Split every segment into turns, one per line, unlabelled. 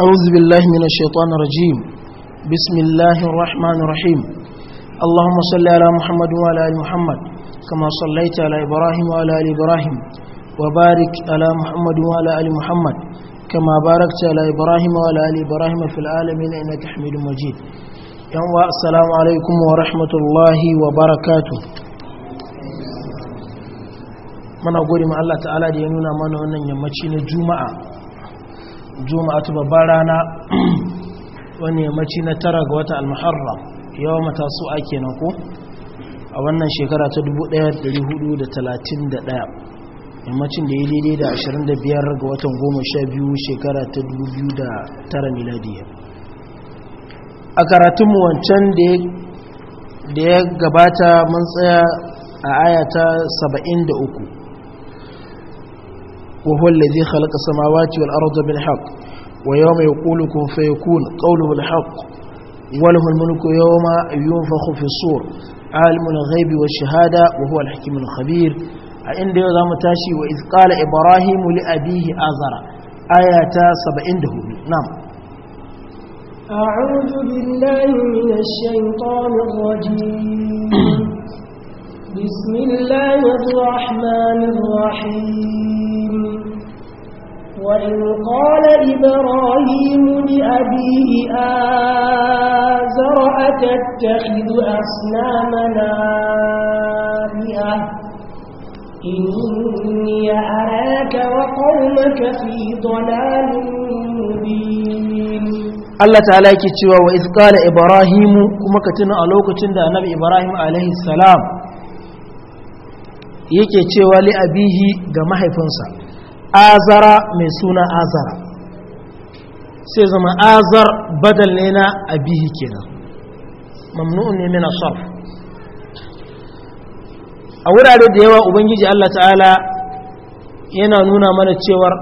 أعوذ بالله من الشيطان الرجيم بسم الله الرحمن الرحيم اللهم صل على محمد وعلى آل محمد كما صليت على إبراهيم وعلى آل إبراهيم وبارك على محمد وعلى آل محمد كما باركت على إبراهيم وعلى آل إبراهيم في العالمين إنك حميد مجيد يوم السلام عليكم ورحمة الله وبركاته من أقول ما الله تعالى دينونا من أن يمتشين الجمعة juma'a ta babbar rana wani yammaci na tara ga wata almuharram yawa matasu ake na ko a wannan shekara ta 1431 yammacin da ya daidai da 25 ga watan 12 shekara ta 2009 miladiyar a karatunmu wancan da ya gabata mun tsaya a ayata 73 وهو الذي خلق السماوات والأرض بالحق ويوم يقول كن فيكون قوله الحق وله الملك يوم ينفخ في الصور عالم الغيب والشهادة وهو الحكيم الخبير عند يوم تاشي وإذ قال إبراهيم لأبيه آذر آيات سبعين دهولي نعم
أعوذ بالله من الشيطان الرجيم بسم الله الرحمن الرحيم وإن قال إبراهيم لأبيه آزر أتتخذ أصنامنا آلهة إني أراك وقومك في ضلال مبين
Allah ta'ala yake cewa wa iz ibrahimu kuma ka tuna a lokacin da annabi ibrahim alaihi salam yake cewa li abihi ga mahaifinsa azara mai suna azara sai zama azar badal ne na abihi kenan mamnu'un ne mina sarf a wurare da yawa ubangiji Allah ta'ala yana nuna mana cewar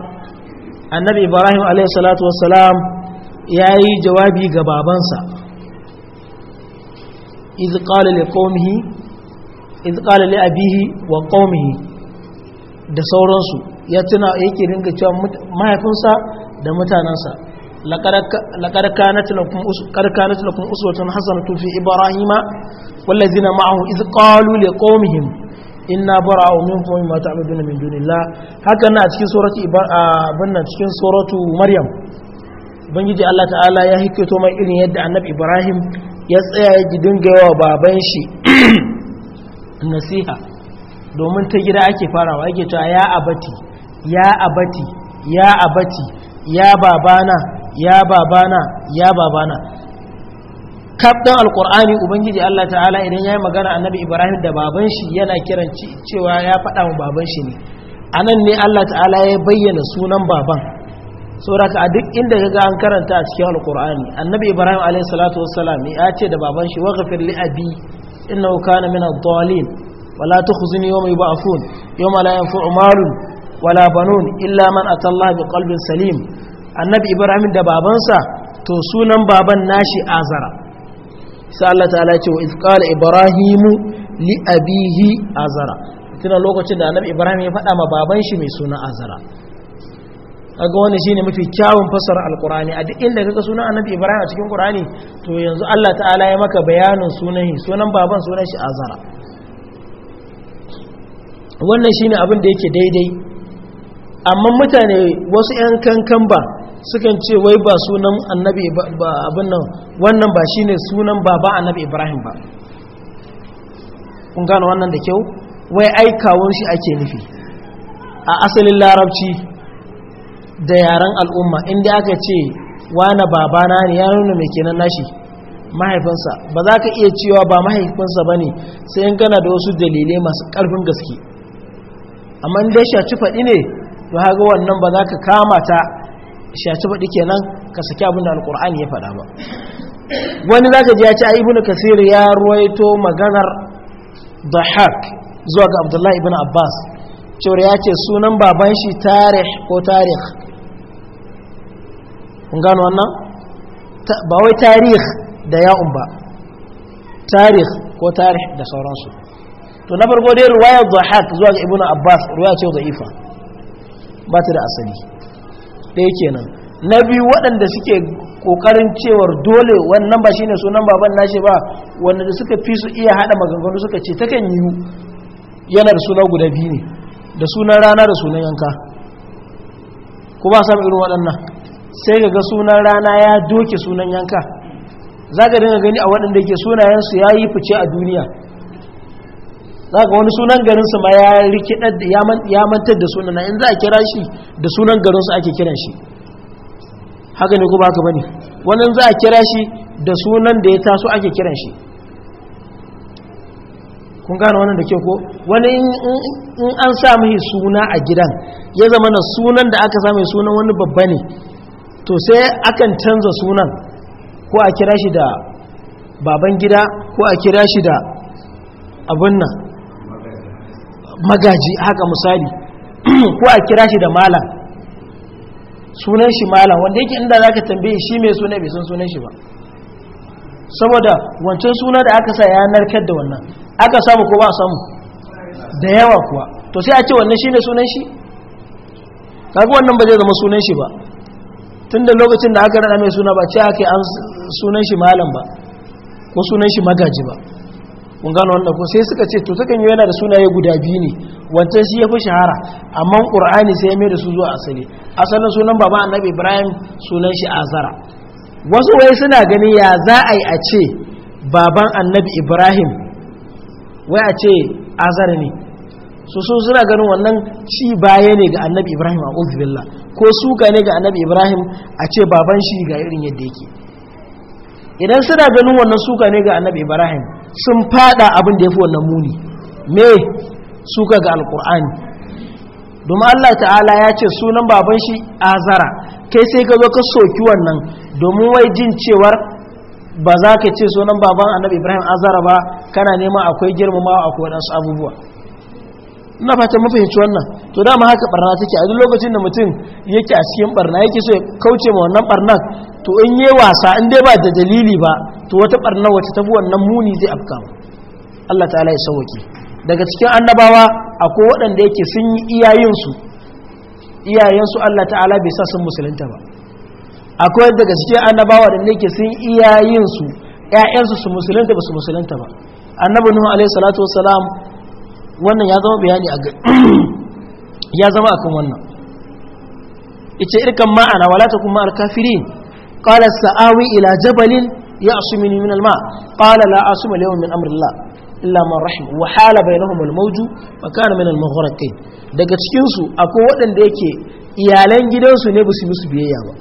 annabi ibrahim alaihi salatu wassalam ya yi jawabi ga babansa iz qala abihi wa qaumihi da sauransu ya tuna yake ringa cewa mahaifinsa da mutanensa laƙar kanatu lakun usulatun hassan tufi ibrahima wallazi na ma'ahu iz ƙalu le ƙomihim in na bara a omin fomi mata abubuwan min dunila haka na cikin soratu cikin soratu maryam bangiji allah ta'ala ya hikito mai irin yadda annabi ibrahim ya tsaya ya gidin gaiwa baban shi nasiha domin ta gida ake farawa ake ta ya abati ya abati ya abati ya babana ya babana ya babana kaɗan alkur'ani ubangiji Allah ta'ala idan ya yi magana annabi ibrahim da baban shi yana kiran cewa ya faɗa wa baban shi ne a nan ne Allah ta'ala ya bayyana sunan baban sauraka a duk inda ya ga an karanta a cikin alkur'ani annabi ibrahim alayhi salatu wassalam ya ce da baban shi wa ghafir li abi innahu kana min ad-dhalin wa ba tukhzini yawma Yau yawma la yanfa'u malun wala banun illa man atallahi bi qalbin salim annabi ibrahim da babansa to sunan baban nashi azara sai Allah ta'ala ce wa iz qala ibrahim li abihi azara tuna lokacin da annabi ibrahim ya faɗa ma baban shi mai suna azara kaga wani shine mafi kyawun fasara alqur'ani a duk inda kaga sunan annabi ibrahim a cikin qur'ani to yanzu Allah ta'ala ya maka bayanin sunan shi sunan baban sunan shi azara wannan shine abin da yake daidai amma mutane wasu 'yan kankan ba sukan ce wai ba sunan annabi ba abin nan wannan ba shine sunan baba annabi ibrahim ba kun gano wannan da kyau wai ai kawun shi ake nufi a asalin larabci da yaren al'umma inda aka ce wane babana ne ya nuna mai kenan nashi mahaifinsa ba za ka iya cewa ba mahaifinsa ba ne sai in gana da wasu dalilai masu ƙarfin gaske amma dai ya shaci faɗi ne to haga wannan ba za ka kama ta shaci baɗi kenan ka saki abin da alkur'ani ya faɗa ba wani za ka ji ya ce a ibn kasir ya ruwaito maganar dahak zuwa ga abdullahi ibn abbas cewar ya ce sunan baban shi tarih ko tarih kun gano wannan ba wai tarih da ya'un ba tarih ko tarih da sauransu to na farko dai ruwayar dahak zuwa ga ibn abbas ruwaya ce da'ifa ba ta da asali ɗaya kenan na biyu waɗanda suke kokarin cewar dole wannan ba ne sunan baban nashi ba wanda da suka fi su iya haɗa maganganu suka ce ta kan yiwu yana da suna guda biyu ne da sunan rana da sunan yanka ko ba sami irin waɗannan sai ga ga sunan rana ya doke sunan yanka za ka dinga gani a waɗanda ke sunayensu ya yi fice a duniya za ga wani sunan garinsu ma ya rikidar ya mantar da sunan in za a kira shi da sunan garinsu ake kiran shi haka ne ko ba ka bane wani za a kira shi da sunan da ya taso ake kiran shi kun gane wannan da ke ko wani in an sa yi suna a gidan ya zama na sunan da aka sa sunan wani babba ne to sai akan canza sunan ko a kira shi da baban gida ko a kira shi da abun nan magaji haka misali ko a kira shi da malam sunan shi malam wanda yake inda za ka tambaye shi mai suna bai san sunan shi ba saboda wancan suna da aka sa ya narkar da wannan aka samu ko ba a samu da yawa kuwa to sai a ce wannan shi ne sunan shi kaga wannan ba zai zama sunan shi ba tun da lokacin da aka rana mai suna ba ce aka yi sunan shi malam ba ko sunan shi magaji ba kun gano wannan ko sai suka ce to takan kanyo yana da sunaye guda biyu ne wancan shi ya fi shahara amma qur'ani sai ya mai da su zuwa asali asalin sunan baba annabi ibrahim sunan shi azara wasu wai suna gani ya za a yi a ce baban annabi ibrahim wai a ce azara ne su su suna ganin wannan shi baya ne ga annabi ibrahim a uzbillah ko suka ne ga annabi ibrahim a ce baban shi ga irin yadda yake idan suna ganin wannan suka ne ga annabi ibrahim sun fada abin da ya fi wannan muni me suka ga alkur'ani domin allah ta'ala ya ce sunan baban shi azara kai sai ka zo ka soki wannan domin wai jin cewar ba za ka ce sunan baban annabi ibrahim azara ba kana neman akwai girmamawa akwai waɗansu abubuwa na fata mafahimci wannan to dama haka barna take a duk lokacin da mutum yake a cikin barna yake so ya kauce ma wannan barna to in yi wasa in dai ba da dalili ba to wata barna wacce ta wannan muni zai afka Allah ta'ala ya sauwake daga cikin annabawa akwai waɗanda yake sun yi iyayensu iyayensu Allah ta'ala bai sa sun musulunta ba akwai daga cikin annabawa da yake sun iyayensu ƴaƴansu su musulunta ba su musulunta ba annabi nuhu alaihi salatu wassalam wannan ya zama bayani a ya zama akan wannan ita irkan ma'ana wala takum ma'al kafirin qala sa'awi ila jabalin يعصمني من الماء قال لا أعصم اليوم من أمر الله إلا من رحم وحال بينهم الموج وكان من المغرقين daga cikin su akwai waɗanda yake iyalan gidansu ne ba su musu biyayya ba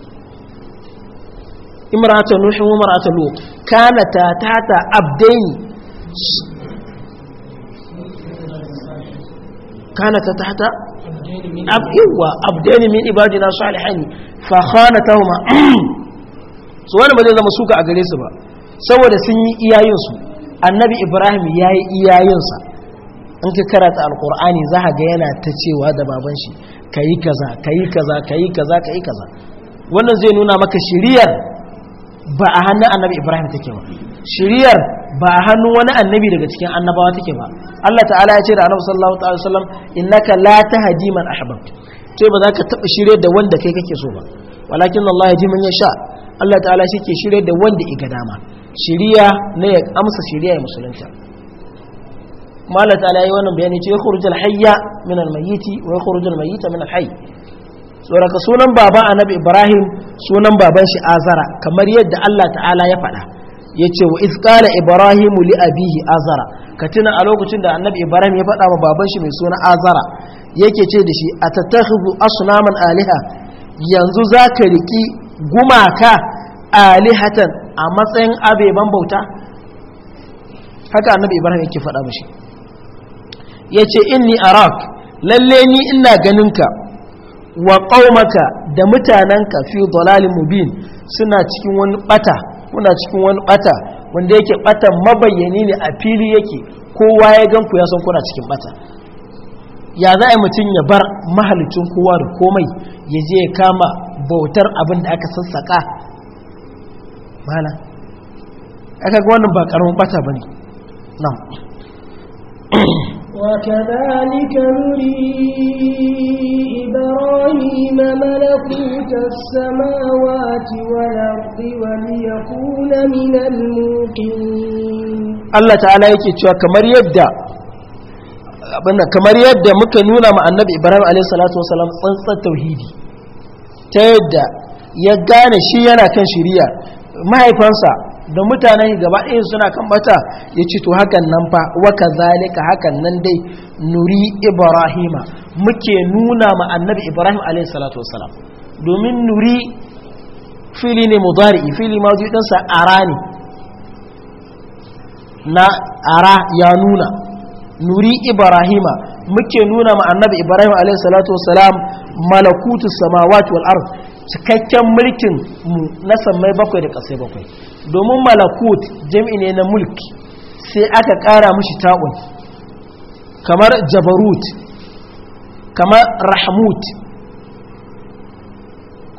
imratu nuhu wa imratu lut kana ta tata abdaini kana ta tata abdaini min ibadina salihin fa khanatahuma su wani ba zai zama suka a gare su ba saboda sun yi iyayensu annabi ibrahim ya yi iyayensa in ka karata alkur'ani za ga yana ta cewa da baban shi ka yi kaza ka yi kaza ka yi kaza ka yi kaza wannan zai nuna maka shiriyar ba a hannun annabi ibrahim take ba shiriyar ba a hannun wani annabi daga cikin annabawa take ba allah ta'ala ya ce da annabi sallallahu alaihi wasallam innaka la tahdi man ahbabta sai ba za ka taɓa shirye da wanda kai kake so ba walakin Allah ya ji man yasha. Allah ta'ala shi ke shirya da wanda iga dama shiriya na ya amsa shiriya ya musulunta mala ta'ala yi wannan bayani ce ya khurujal hayya min almayyiti wa ya khurujal mayyita min alhayy tsoraka sunan Baba annabi ibrahim sunan baban shi azara kamar yadda Allah ta'ala ya faɗa ya ce wa iskala ibrahim li abihi azara ka tuna a lokacin da annabi ibrahim ya faɗa wa baban shi mai suna azara yake ce da shi a tattakhidhu naman aliha yanzu za ka riki gumaka alihatan a matsayin abeban bauta haka annabi ibrahim yake faɗa mishi yace inni arak lalle ni ina ganinka wa qaumaka da mutananka fi dalalin mubin suna cikin wani ɓata kuna cikin wani bata wanda yake ɓatan mabayyani ne a fili yake kowa ya gan ku ya san kuna cikin bata ya za a mutum ya bar mahalicin kowa da komai ya je ya kama bautar abin da aka sassaƙa mana aka ga wannan ba ƙaramin bata ba ne nan
وكذلك نري إبراهيم ملكوت السماوات والأرض وليكون من الموقنين الله تعالى يكي
تشوى كمر يبدأ abinda kamar yadda muka nuna ma annabi ibrahim alaihissalatu wasalam tsantsan tauhidi ta yadda ya gane shi yana kan shiriya mahaifansa da mutane gaba ɗaya suna kan bata ya ci to hakan nan fa wa kazalika hakan nan dai nuri ibrahima muke nuna ma annabi ibrahim alaihissalatu wasalam domin nuri fili ne mudari fili ma zuɗansa ara ne na ara ya nuna nuri ibrahima muke nuna ma annabi ibrahim alaihi salatu wassalam malakutu samawati wal ard cikakken mulkin mu na sammai bakwai da kasai bakwai domin malakut jami'i ne na mulki sai aka kara mushi ta'un kamar jabarut kamar rahmut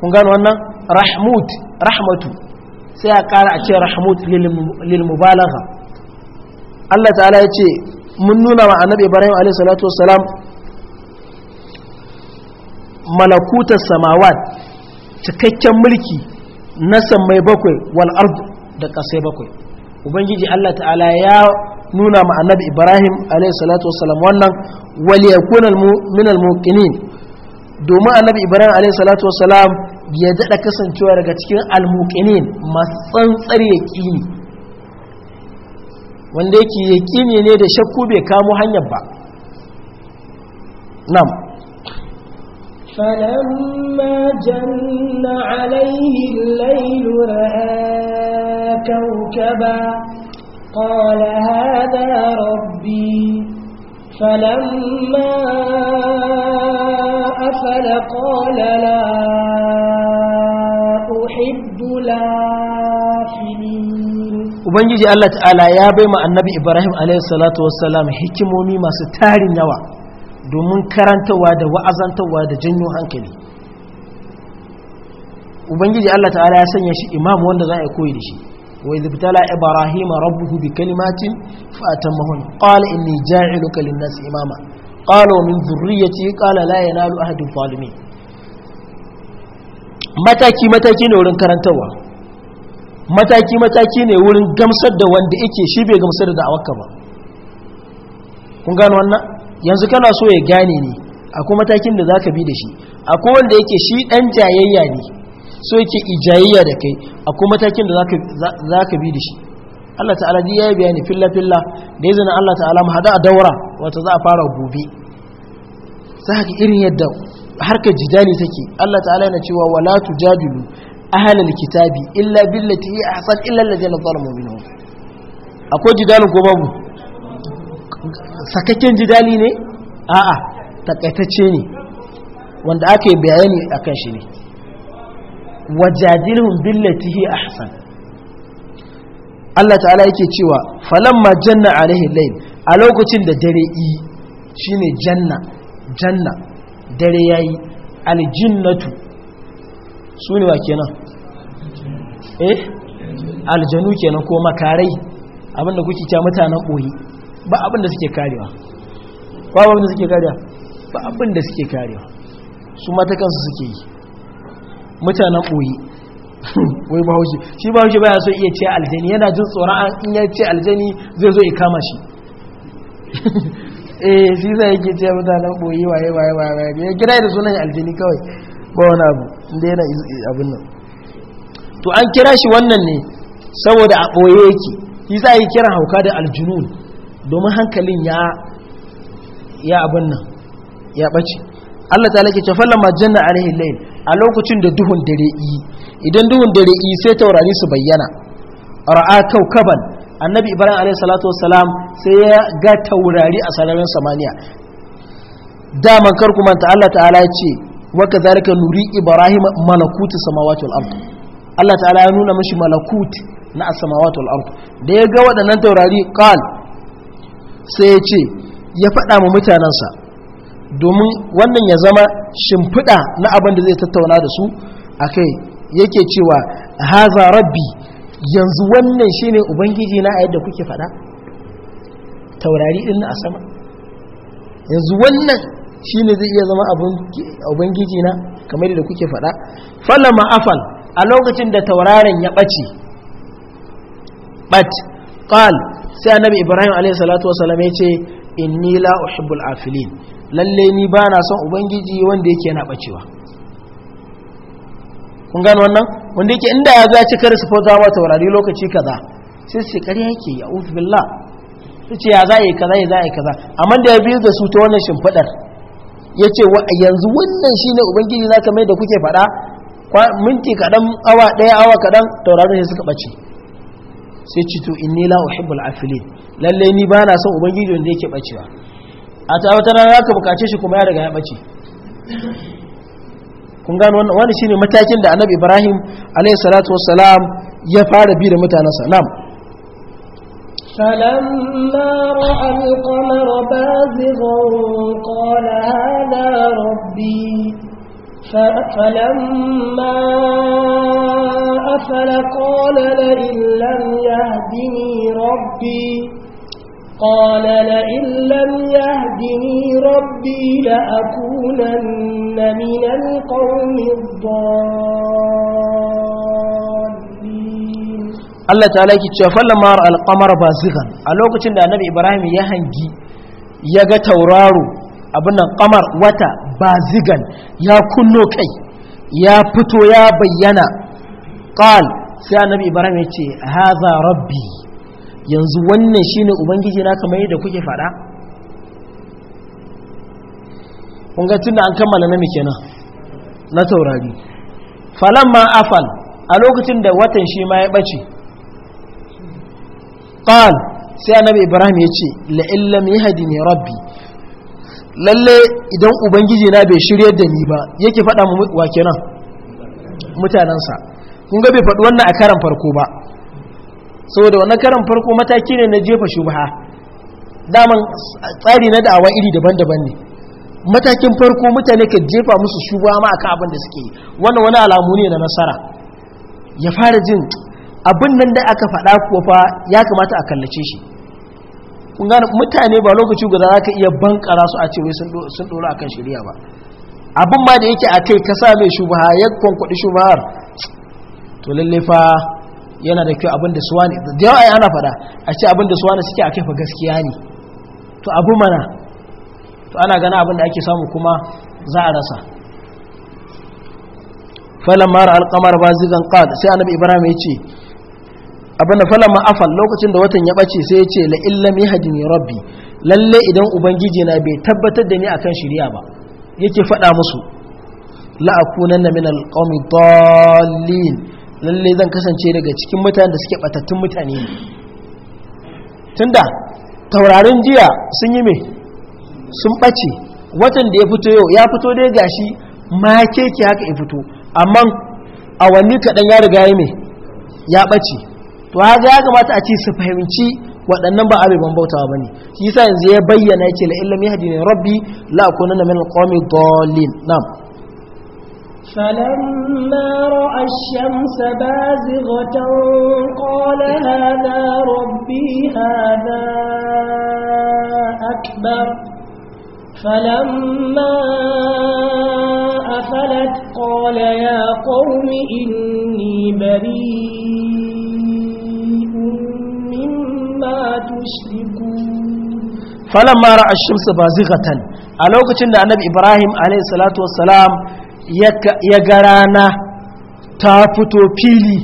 kun gano wannan rahmut rahmatu sai a kara a ce rahmut lil mubalagha Allah ta'ala ya ce mun nuna wa annabi ibrahim alayhi salatu wassalam malakutar samawat cikakken mulki na sammai bakwai wal ard da kasai bakwai ubangiji Allah ta'ala ya nuna ma annabi ibrahim alayhi salatu wassalam wannan wal yakuna min al muqinin domin annabi ibrahim alayhi salatu wassalam ya dada kasancewa daga cikin al muqinin masu tsantsar yaqini wanda yake yaƙini ne da shakku bai kamo hanyar ba nam
فلما جن عليه الليل رأى كوكبا قال هذا ربي فلما أفل قال لا
ubangiji Allah ta'ala ya bai ma annabi ibrahim alaihi salatu wassalam hikimomi masu tarin yawa domin karantarwa da wa'azantarwa da janyo hankali ubangiji Allah ta'ala ya sanya shi imam wanda za a koyi da shi wa idh ibtala ibrahim rabbuhu bi kalimatin fa atammahun qala inni ja'iluka lin-nas imama qala min dhurriyyati qala la yanalu ahadu zalimin mataki mataki ne wurin karantarwa mataki mataki ne wurin gamsar da wanda yake shi bai gamsar da da'awarka ba kun gano wannan yanzu kana so ya gane ne akwai matakin da zaka bi da shi akwai wanda yake shi ɗan jayayya ne so yake ijayayya da kai akwai matakin da zaka bi da shi Allah ta'ala ya yi bayani filla filla da izinin Allah ta'ala mu hada a daura wata za a fara gobe sai ka irin yadda harkar jidali take Allah ta'ala yana cewa wala tujadilu ahlal kitabi illa billati hi ahsan illa alladhina zalamu minhum akwai jidalin ko babu sakakken jidali ne a'a takaitacce ne wanda aka yi bayani akan shi ne wajadilhum billati hi ahsan Allah ta'ala yake cewa falamma janna alaihi a lokacin da dare yi shine janna janna dare yayi aljinnatu su ne wa kenan eh aljanu kenan ko makarai abinda kuke kya mutanen boye ba abinda suke karewa ba abinda suke karewa ba abinda suke karewa su mata kansu suke yi mutanen boye wai ba haushi shi ba haushi baya so iya ce aljani yana jin tsoron in ya ce aljani zai zo kama shi eh shi zai yake ce mutanen boye waye waye waye ya gida da sunan aljani kawai ba wani abu inda yana abin nan to an kira shi wannan ne saboda a ɓoye yake shi za a yi kira hauka da aljunun domin hankalin ya ya abin nan ya ɓace Allah ta lake tafalla majanna alaihi layl a lokacin da duhun dare yi idan duhun dare yi sai taurari su bayyana ra'a kaukaban annabi ibrahim alaihi salatu wassalam sai ya ga taurari a sararin samaniya da kar kuma ta Allah ta'ala ce waka zarika nuri ibrahim malakuti samawati wal ard Allah ta'ala ya nuna mashi malakuti na samawati wal ard da ya ga waɗannan taurari qal sai ya ce ya faɗa ma mutanensa domin wannan ya zama shimfiɗa na abin da zai tattauna da su akai yake cewa haza rabbi yanzu wannan shine ubangiji na a yadda kuke faɗa taurari din a sama yanzu wannan shi ne zai iya zama ubangiji na kamar da kuke faɗa falla ma'afal a lokacin da tauraron ya ɓace ɓat ƙal sai annabi ibrahim alaihi ya ce in la uhibbul afilin lalle ni ba na son ubangiji wanda yake yana ɓacewa kun gano wannan wanda yake inda ya zaci kar su fota wa taurari lokaci kaza sai su kare yake ya ufi billah su ce ya za a yi kaza ya za a yi kaza amma da ya biyu da su ta wannan shimfiɗar ya ce yanzu wannan shi ne ubangiji na kamar da kuke faɗa minti kaɗan awa ɗaya awa kaɗan tauraron shi suka ɓace sai ci to inni la uhibbul afilin lalle ni ba na son ubangiji wanda yake ɓacewa a ta wata rana ka bukace shi kuma ya riga ya ɓace kun gano wani shine matakin da annabi ibrahim alayhi salatu wassalam ya fara bi da sa, na'am
فلما رأى القمر بازغا قال هذا ربي فلما أفل قال لئن لم يهدني ربي قال لئن لم يهدني ربي لأكونن من القوم الضالين
Allah ta ta'ala ce cewa falamma ra'al qamara bazighan a lokacin da annabi Ibrahim ya hangi ya ga tauraro abin nan qamar wata bazigan ya kunno kai ya fito ya bayyana qal sai annabi Ibrahim ya ce hadha rabbi yanzu wannan shine ubangiji na kamar yadda kuke fada kun ga tunda an kammala na kenan na taurari falamma afal a lokacin da watan shi ma ya bace qal sai annabi ibrahim ya ce la illam yahdini rabbi lalle idan ubangiji na bai shiryar da ni ba yake faɗa mu wa kenan mutanansa kun ga bai faɗi wannan a karan farko ba saboda wannan karan farko mataki ne na jefa shubha daman tsari na da'awa iri daban-daban ne matakin farko mutane ka jefa musu shubha ma akan abin da suke wannan wani alamu ne na nasara ya fara jin abin nan da aka faɗa kuwa fa ya kamata a kallace shi kun mutane ba lokaci guda za ka iya bankara su a ce wai sun ɗora akan shari'a ba abin ma da yake a kai ka sa mai shubaha ya kwankwaɗi shubahar to lalle fa yana da kyau abin da suwa ne da yawa ana faɗa a ce abin da suwa ne suke a kai fa gaskiya ne to abu mana to ana gana abin da ake samu kuma za a rasa falamar ra alqamar bazigan qad sai annabi ibrahim ya ce abinda fala falama afal lokacin da watan ya ɓace sai ya ce la illam ne rabbi lalle idan ubangiji na bai tabbatar da ni akan shari'a ba yake faɗa musu la na min ƙaumi dallin lalle zan kasance daga cikin mutanen da suke ɓatattun mutane ne tunda taurarin jiya sun yi me sun ɓace watan da ya fito yau ya fito dai gashi ma keke haka ya fito amma awanni kaɗan ya riga ya me ya ɓace to haka ya kamata a ce su fahimci waɗannan ba abin ban bautawa bane shi yasa yanzu ya bayyana yake la illam yahdini rabbi la akunanna min alqawmi dallin na'am
falamma ra'a ash الشمس bazighatan qala hadha rabbi hadha akbar فلما أفلت قال يا قوم إني بريء عما تشركون
فلما رأى a lokacin da annabi ibrahim إبراهيم ya الصلاة ta fito fili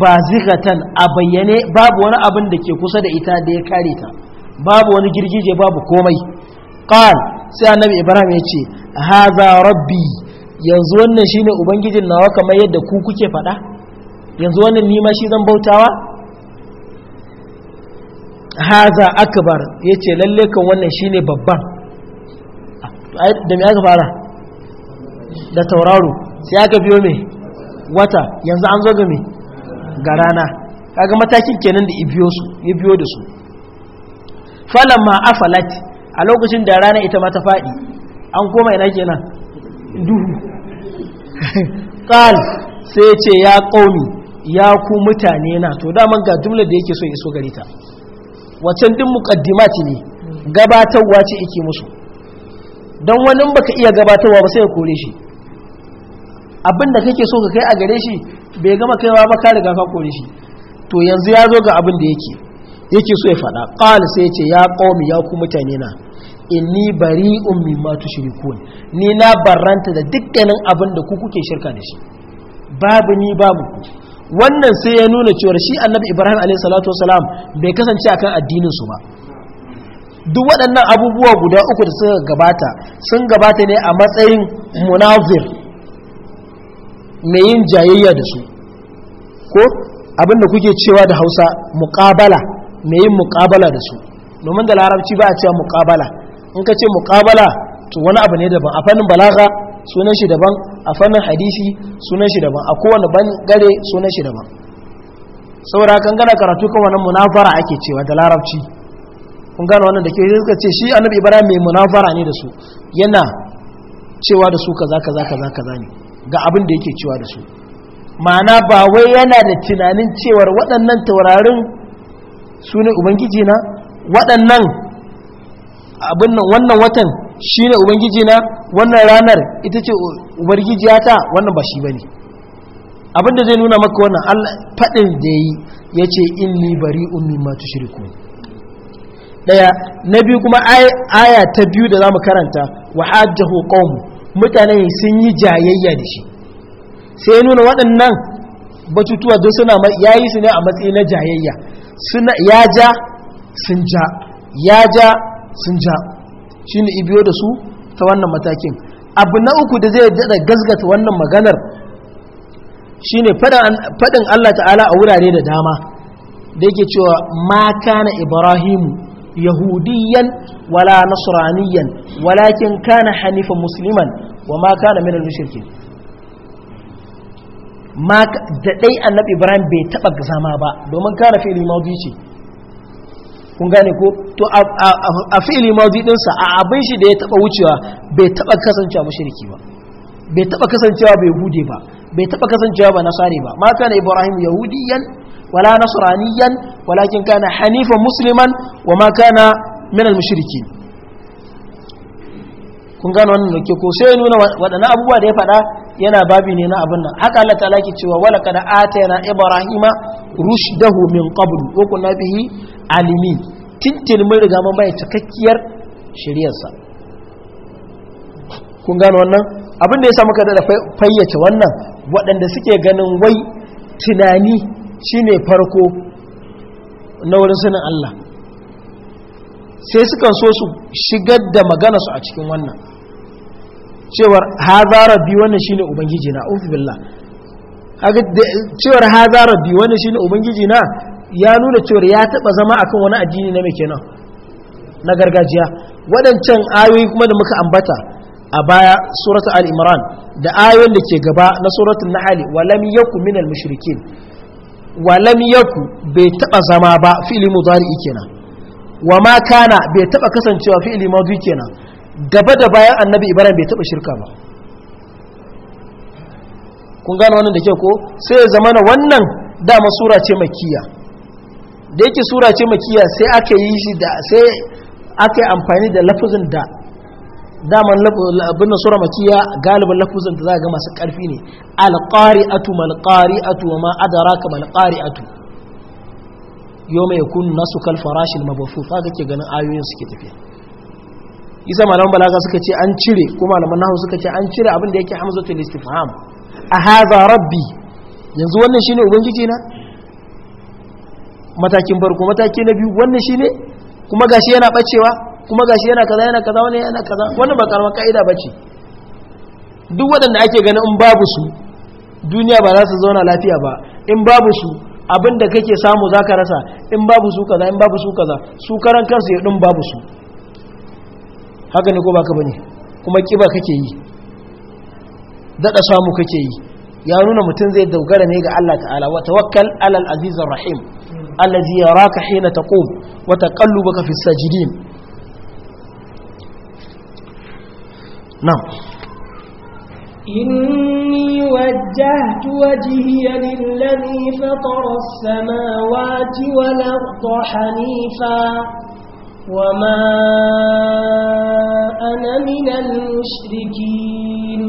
ba zigatan a bayyane babu wani abin da ke kusa da ita da ya kare ta babu wani girgije babu komai qal sai annabi ibrahim ya ce haza rabbi yanzu wannan shine ubangijin nawa kamar yadda ku kuke faɗa yanzu wannan nima shi zan bautawa haza akbar yace ce lalle kan wannan shine babban da mai aka fara da tauraro sai aka biyo mai wata yanzu an zo ga mai ga rana kaga matakin kenan da ya biyo da su falamma afalat a lokacin da rana ita ma ta faɗi an koma ina kenan duhu qal sai ce ya qaumi ya ku mutane na to da daman ga jumlar da yake so ya iso gare ta wacan din ce ne gabatarwa ce ke musu don wani baka iya gabatarwa ba sai ya kore shi abinda da kake so ka kai a gare shi bai gama kaiwa ba ka riga ka kore shi to yanzu ya zo ga abin da yake yake so ya faɗa qal sai ya ce ya qaumi ya ku mutane na inni bari'un mimma tushrikun ni na barranta da dukkanin abin da ku kuke shirka da shi babu ni babu ku wannan sai ya nuna cewar shi annabi ibrahim alaihissalatu bai kasance akan addinin su ba duk waɗannan abubuwa guda uku da suka gabata sun gabata ne a matsayin munazir mai yin jayayya da su ko abinda kuke cewa da hausa mukabala mai yin muƙabala da su domin da larabci ba a cewa muƙabala in ka ce muƙabala to wani abu ne daban a fannin balaga sunan shi daban a fannin hadisi sunan shi daban a kowane bangare sunan shi daban saboda kan gana karatu kan wannan munafara ake cewa da larabci kun gano wannan da ke suka ce shi annabi ibrahim mai munafara ne da su yana cewa da su kaza kaza kaza kaza ne ga abin da yake cewa da su ma'ana ba wai yana da tunanin cewar waɗannan taurarin su ne ubangiji na waɗannan abin nan wannan watan shi ne ubangiji na wannan ranar ita ce ubargijiya ta wannan ba shi ba ne abinda zai nuna maka wannan faɗin da ya yi ya ce inni bari ummi matu shirku ɗaya na biyu kuma aya ta biyu da za mu karanta wa hajjahu qawmu mutane sun yi jayayya da shi sai ya nuna waɗannan batutuwa don suna ya yi su ne a matsayi na jayayya ya ja sun ja ya ja sun ja ne ibiyo da su ta wannan matakin abu na uku da zai daɗa gasgata wannan maganar shi ne faɗin Allah ta'ala a wurare da dama da yake cewa ma kana ibrahimu yahudiyan wala nasraniyan walakin kana hanifa musliman wa ma kana min al da dai annabi ibrahim bai taɓa zama ba domin kana fili madi ce kun gane ko to a fi'ili maudi dinsa a abin shi da ya taba wucewa bai taba kasancewa mushriki ba bai taba kasancewa bai hude ba bai taba kasancewa ba nasari ba ma kana ibrahim yahudiyan wala nasraniyan walakin kana hanifan musliman wa ma kana min al-mushrikin kun gane wannan ke ko sai nuna waɗannan abubuwa da ya faɗa yana babi ne na abin nan haka Allah ta laki cewa wala kada atayna ibrahima rushdahu min qablu wa kunna bihi alimi tintin mun riga mun bai cikakkiyar shiriyarsa kun gano wannan abin da ya sa muka da fayyace wannan waɗanda suke ganin wai tunani shine farko na wurin sanin Allah sai suka so su shigar da magana su a cikin wannan cewar haza bi wannan shine ubangiji na ufi billah cewar haza bi wannan shine ubangiji na ya nuna cewar ya taba zama akan wani addini na mai kenan na gargajiya waɗancan ayoyi kuma da muka ambata a baya suratu al-imran da ayoyin da ke gaba na suratul nahl walam yaku minal mushrikin lam yaku bai taba zama ba fi'li mudari kenan wa ma kana bai taba kasancewa fi'li madhi kenan gaba da bayan annabi ibrahim bai taba shirka ba kun gane wannan da ke ko sai ya zama na wannan dama sura ce makkiya da yake sura ce makiya sai aka yi shi da sai aka yi amfani da lafuzin da daman abin sura makiya galibin lafuzin da za a ga masu karfi ne alqari'atu malqari'atu wa ma adraka malqari'atu yawma yakun nasu kal farashil mabthut haka kake ganin ayoyin suke tafiya isa malaman balaga suka ce an cire ko malaman nahu suka ce an cire abin da yake hamzatul istifham a hadha rabbi yanzu wannan shine ubangiji na matakin farko mataki na biyu wannan shine kuma gashi yana bacewa kuma gashi yana kaza yana kaza wani yana kaza wannan ba karamar ka'ida bace duk waɗanda ake ganin in babu su duniya ba za su zauna lafiya ba in babu su abin da kake samu za ka rasa in babu su kaza in babu su kaza su karan kansu ya ɗin babu su haka ne ko ba ka bane kuma kiba kake yi daɗa samu kake yi ya nuna mutum zai dogara ne ga Allah ta'ala wa tawakkal alal azizar rahim الذي يراك حين تقوم وتقلبك في الساجدين نعم
إني وجهت وجهي للذي فطر السماوات والأرض حنيفا وما أنا من المشركين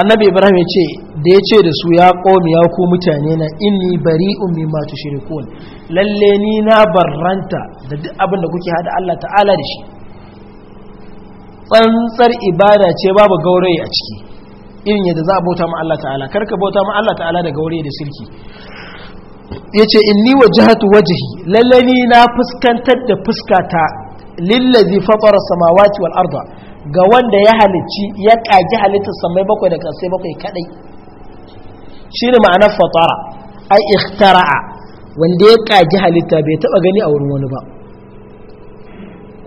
annabi ibrahim ya ce da ya ce da su ya ƙomi ya ku mutane na inni bari umi masu shirikun lalle ni na barranta da duk abin da kuke hada allah ta'ala da shi tsantsar ibada ce babu gaurayi a ciki irin yadda za a bauta ma allah ta'ala karka bauta ma allah ta'ala da gaurayi da sirki ya ce inni wajahatu wajihi lalle ni na fuskantar da fuskata lillazi fatara samawati wal arda ga wanda ya halicci ya kaji halittar samai bakwai da kasai bakwai kadai shi ne ma'anar fatara ai ikhtara'a wanda ya kaji halitta bai taba gani a wurin wani ba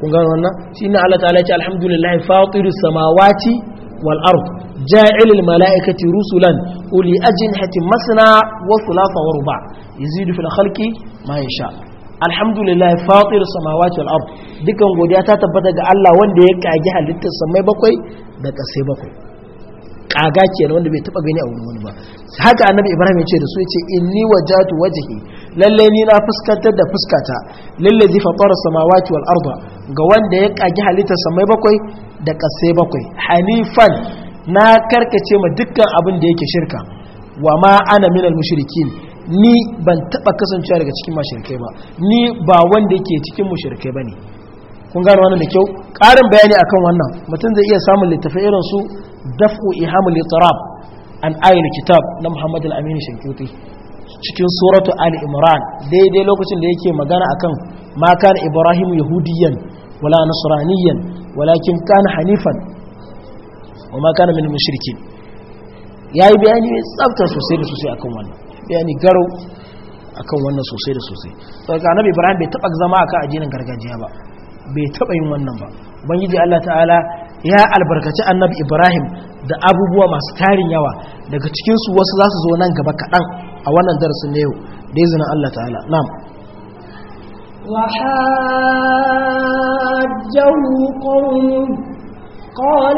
kun gano wannan shi ne Allah ta'ala ce alhamdulillah fatiru samawati wal ard ja'il al mala'ikati rusulan uli ajnihati masna wa thulatha wa ruba yazidu fil khalqi ma yasha' alhamdulillah fatir samawati wal ard dukan godiya ta tabbata ga Allah wanda ya kage halittar samai bakwai da kasai bakwai kaga kenan wanda bai taba gani a wurin wani ba haka annabi ibrahim ya ce da su yace inni wajatu wajhi lalle ni na fuskantar da fuskata lillazi fatara samawati wal arda ga wanda ya kage halittar samai bakwai da kasai bakwai hanifan na karkace ma dukkan abin da yake shirka wa ma ana minal mushrikin ni ban taba kasancewa daga cikin mashirkai ba ni ba wanda yake cikin ba bane kun gano wannan da kyau Karin bayani akan wannan mutum zai iya samun littafai irin su daf'u ihamul litarab an ayin kitab na Muhammad al-Amin Shankuti cikin suratu Ali Imran daidai lokacin da yake magana akan ma kan Ibrahim yahudiyan wala nasraniyan walakin kan hanifan wa ma kana min mushrikin yayi bayani mai tsafta sosai da sosai akan wannan Yani garau akan wannan sosai da sosai saboda annabi ibrahim bai taba zama akan addinin gargajiya ba bai taba yin wannan ba ubangiji Allah ta'ala ya albarkaci annabi ibrahim da abubuwa masu tarin yawa daga cikin su wasu za su zo nan gaba kaɗan a wannan darasin na yau da izinin Allah ta'ala na'am
وحاجه قال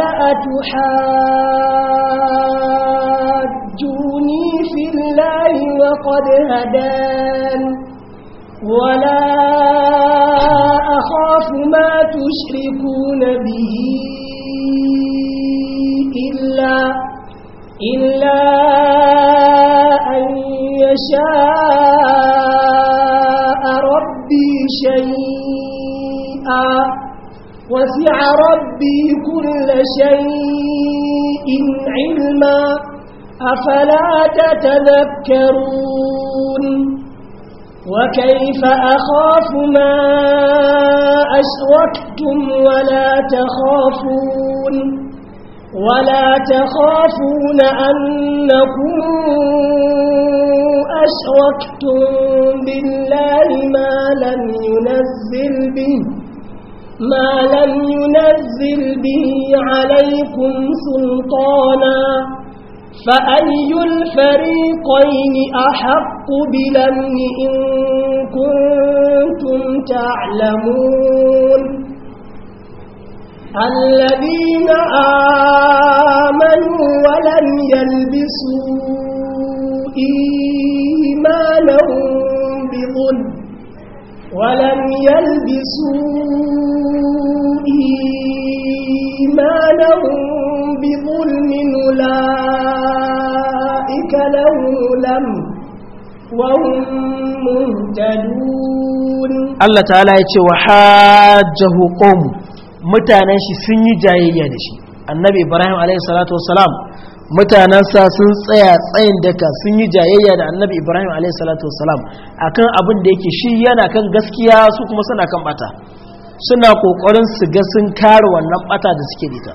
حجوني في الله وقد هدان ولا أخاف ما تشركون به إلا إلا أن يشاء ربي شيئا وسع ربي كل شيء علما أفلا تتذكرون وكيف أخاف ما أشركتم ولا تخافون ولا تخافون أنكم أشركتم بالله ما لم ينزل به ما لم ينزل به عليكم سلطانا فأي الفريقين أحق بلمن إن كنتم تعلمون الذين آمنوا ولم يلبسوا إيمانهم بظلم ولم يلبسوا إيمانهم بظلم أولئك wa لهم
Allah Taala ya ce wa وحاجه قوم mutanen shi sun yi jayayya da shi annabi ibrahim alaihi salatu wasalam mutanensa sun tsaya tsayin daka sun yi jayayya da annabi ibrahim alaihi salatu wasalam akan abin da yake shi yana kan gaskiya su kuma suna kan bata suna kokarin su ga sun kare wannan bata da suke da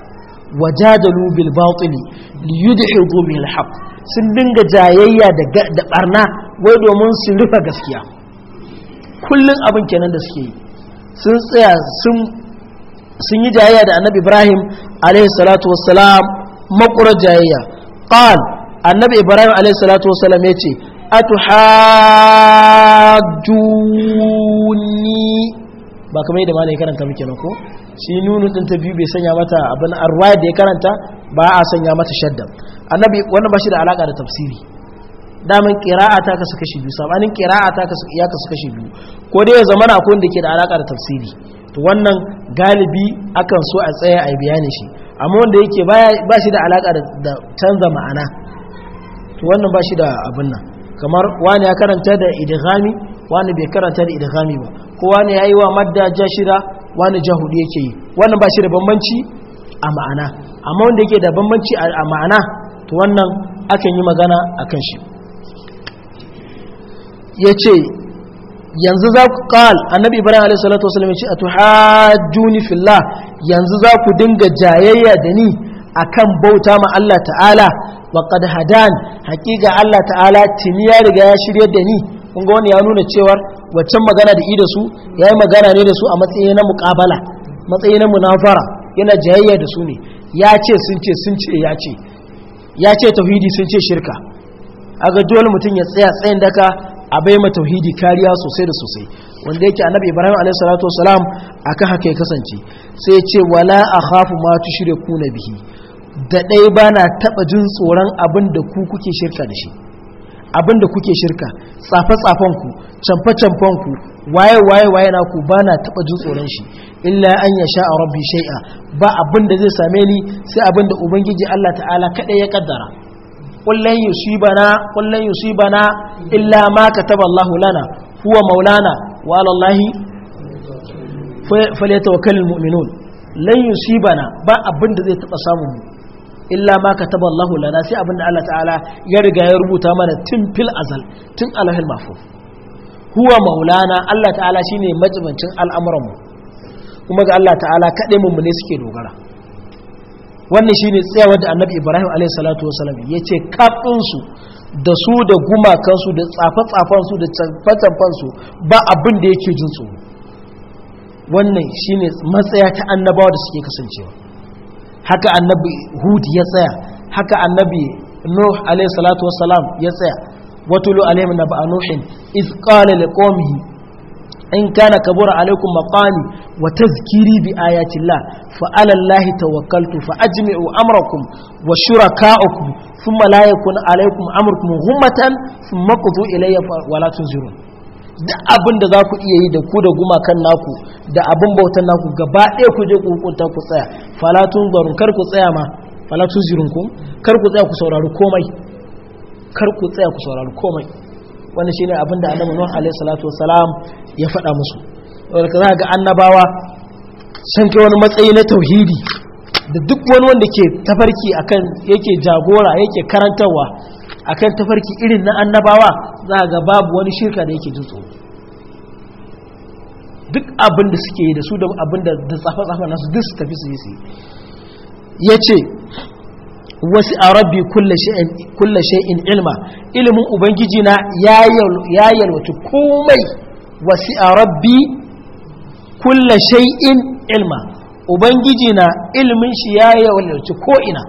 wajadalu bil batili li bil haqq sun dinga jayayya da da barna wai domin su rufe gaskiya kullun abin kenan da suke yi sun tsaya sun sun yi jayayya da annabi ibrahim alayhi salatu wassalam makura jayayya qal annabi ibrahim alayhi salatu wassalam yace atuhajjuni ba kamar yadda malai karanta muke nan ko shi nunu din ta biyu bai sanya mata abin arwaya da ya karanta ba a sanya mata shadda annabi wannan ba shi da alaka da tafsiri daman qira'a ta kasu kashi biyu sabanin qira'a ta kasu ya kasu kashi biyu ko dai ya zama na akwai da ke da alaka da tafsiri to wannan galibi akan so a tsaya a bayani shi amma wanda yake ba shi da alaka da canza ma'ana to wannan ba shi da abin nan kamar wani ya karanta da idghami wani bai karanta da idghami ba kowa ne ya yi wa madda shida wani jahudi yake yi wannan ba shi da bambanci a ma'ana amma wanda yake da bambanci a ma'ana to wannan akan yi magana a kan shi yace yanzu za ku kawal annabi ibrahim alayhi a wasallam yace filla yanzu za ku dinga jayayya da ni akan bauta ma Allah ta'ala wa qad hadan hakika Allah ta'ala tini ya riga ya shirya da ni kunga wani ya nuna cewar waccan magana da ida su yayi magana ne da su a matsayi na mukabala matsayi na munafara yana jayayya da su ne ya ce sun ce sun ce ya ce ya ce tauhidi sun ce shirka A ga dole mutum ya tsaya tsayin daka a bai ma tauhidi kariya sosai da sosai wanda yake annabi ibrahim alaihi salatu wasalam akan haka ya kasance sai ya ce wala akhafu ma tushriku bihi da ɗaya bana na taɓa jin tsoron abin da ku kuke shirka da shi abin da kuke shirka tsafe-tsafen ku camfe ku waye-waye-waye na ku ba na taɓa jin tsoron shi illa an ya sha a rabbi shai'a ba abin da zai same ni sai abin da ubangiji allah ta'ala kaɗai ya ƙaddara kullun yusibana kullun illa ma taɓa allah lana huwa maulana wa ala allah falyatawakkalul mu'minun lan ba abin da zai taɓa samun mu illa ma kataba Allahu lana sai abinda Allah ta'ala ya riga ya rubuta mana tun fil azal tun alahil mahfuz huwa maulana Allah ta'ala shine majibancin al'amuran mu kuma ga Allah ta'ala kaɗai mu ne suke dogara wannan shine tsayawar da Annabi Ibrahim alayhi salatu wasallam yace kafin su da su da gumakansu da tsafan su da tsafe su ba abin da yake jin tsoro wannan shine matsaya ta annabawa da suke kasancewa haka annabi hud ya tsaya haka annabi nuh alaihi salatu wassalam ya tsaya watulu alaihim naba nuhin iz qala liqaumihi in kana kabura alaikum maqami wa tazkiri bi ayati llah fa ala llahi tawakkaltu fa ajmi'u amrakum wa shuraka'akum thumma la yakun alaikum amrukum hummatan thumma qudu ilayya wa la tunzirun duk abin da za ku iya yi da ku da gumakan naku da abin bautan naku gaba ɗaya ku je ku hukunta ku tsaya falatun barun kar ku tsaya ma falatun zirun ku kar ku tsaya ku saurari komai kar ku tsaya ku saurari komai wannan shine abin da annabi nuh alaihi salatu wasalam ya faɗa musu wanda za ga annabawa sun kai wani matsayi na tauhidi da duk wani wanda ke tafarki akan yake jagora yake karantarwa akan tafarki irin na annabawa za a ga babu wani shirka da yake jin duk abin da suke yi da su da abin da tsafa-tsafa nasu su su tafi su yi su ya ce wasu a rabbi kulle sha'in ilma ilimin ubangiji na ya yalwaci komai wasu a rabbi kulle sha'in ilma ubangiji na ilimin shi ya yalwaci ko'ina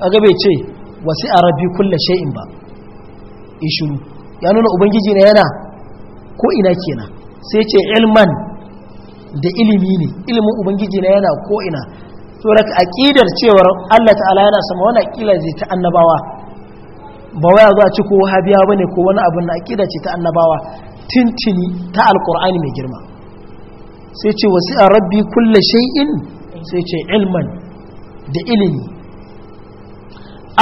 a gabe ce wasi a rabbi kulle shay'in ba ishuru ya nuna ubangiji na yana ko ina kenan sai ce ilman da ilimi ne ilimin ubangiji na yana ko ina tsoraka aƙidar cewar Allah ta'ala yana sama wani aƙila zai ta annabawa ba waya zuwa ci ko Habiya ba ne ko wani abin na aƙida ce ta annabawa tintini ta alƙur'ani mai girma sai ce wasu a rabbi kulle shay'in sai ce ilman da ilimi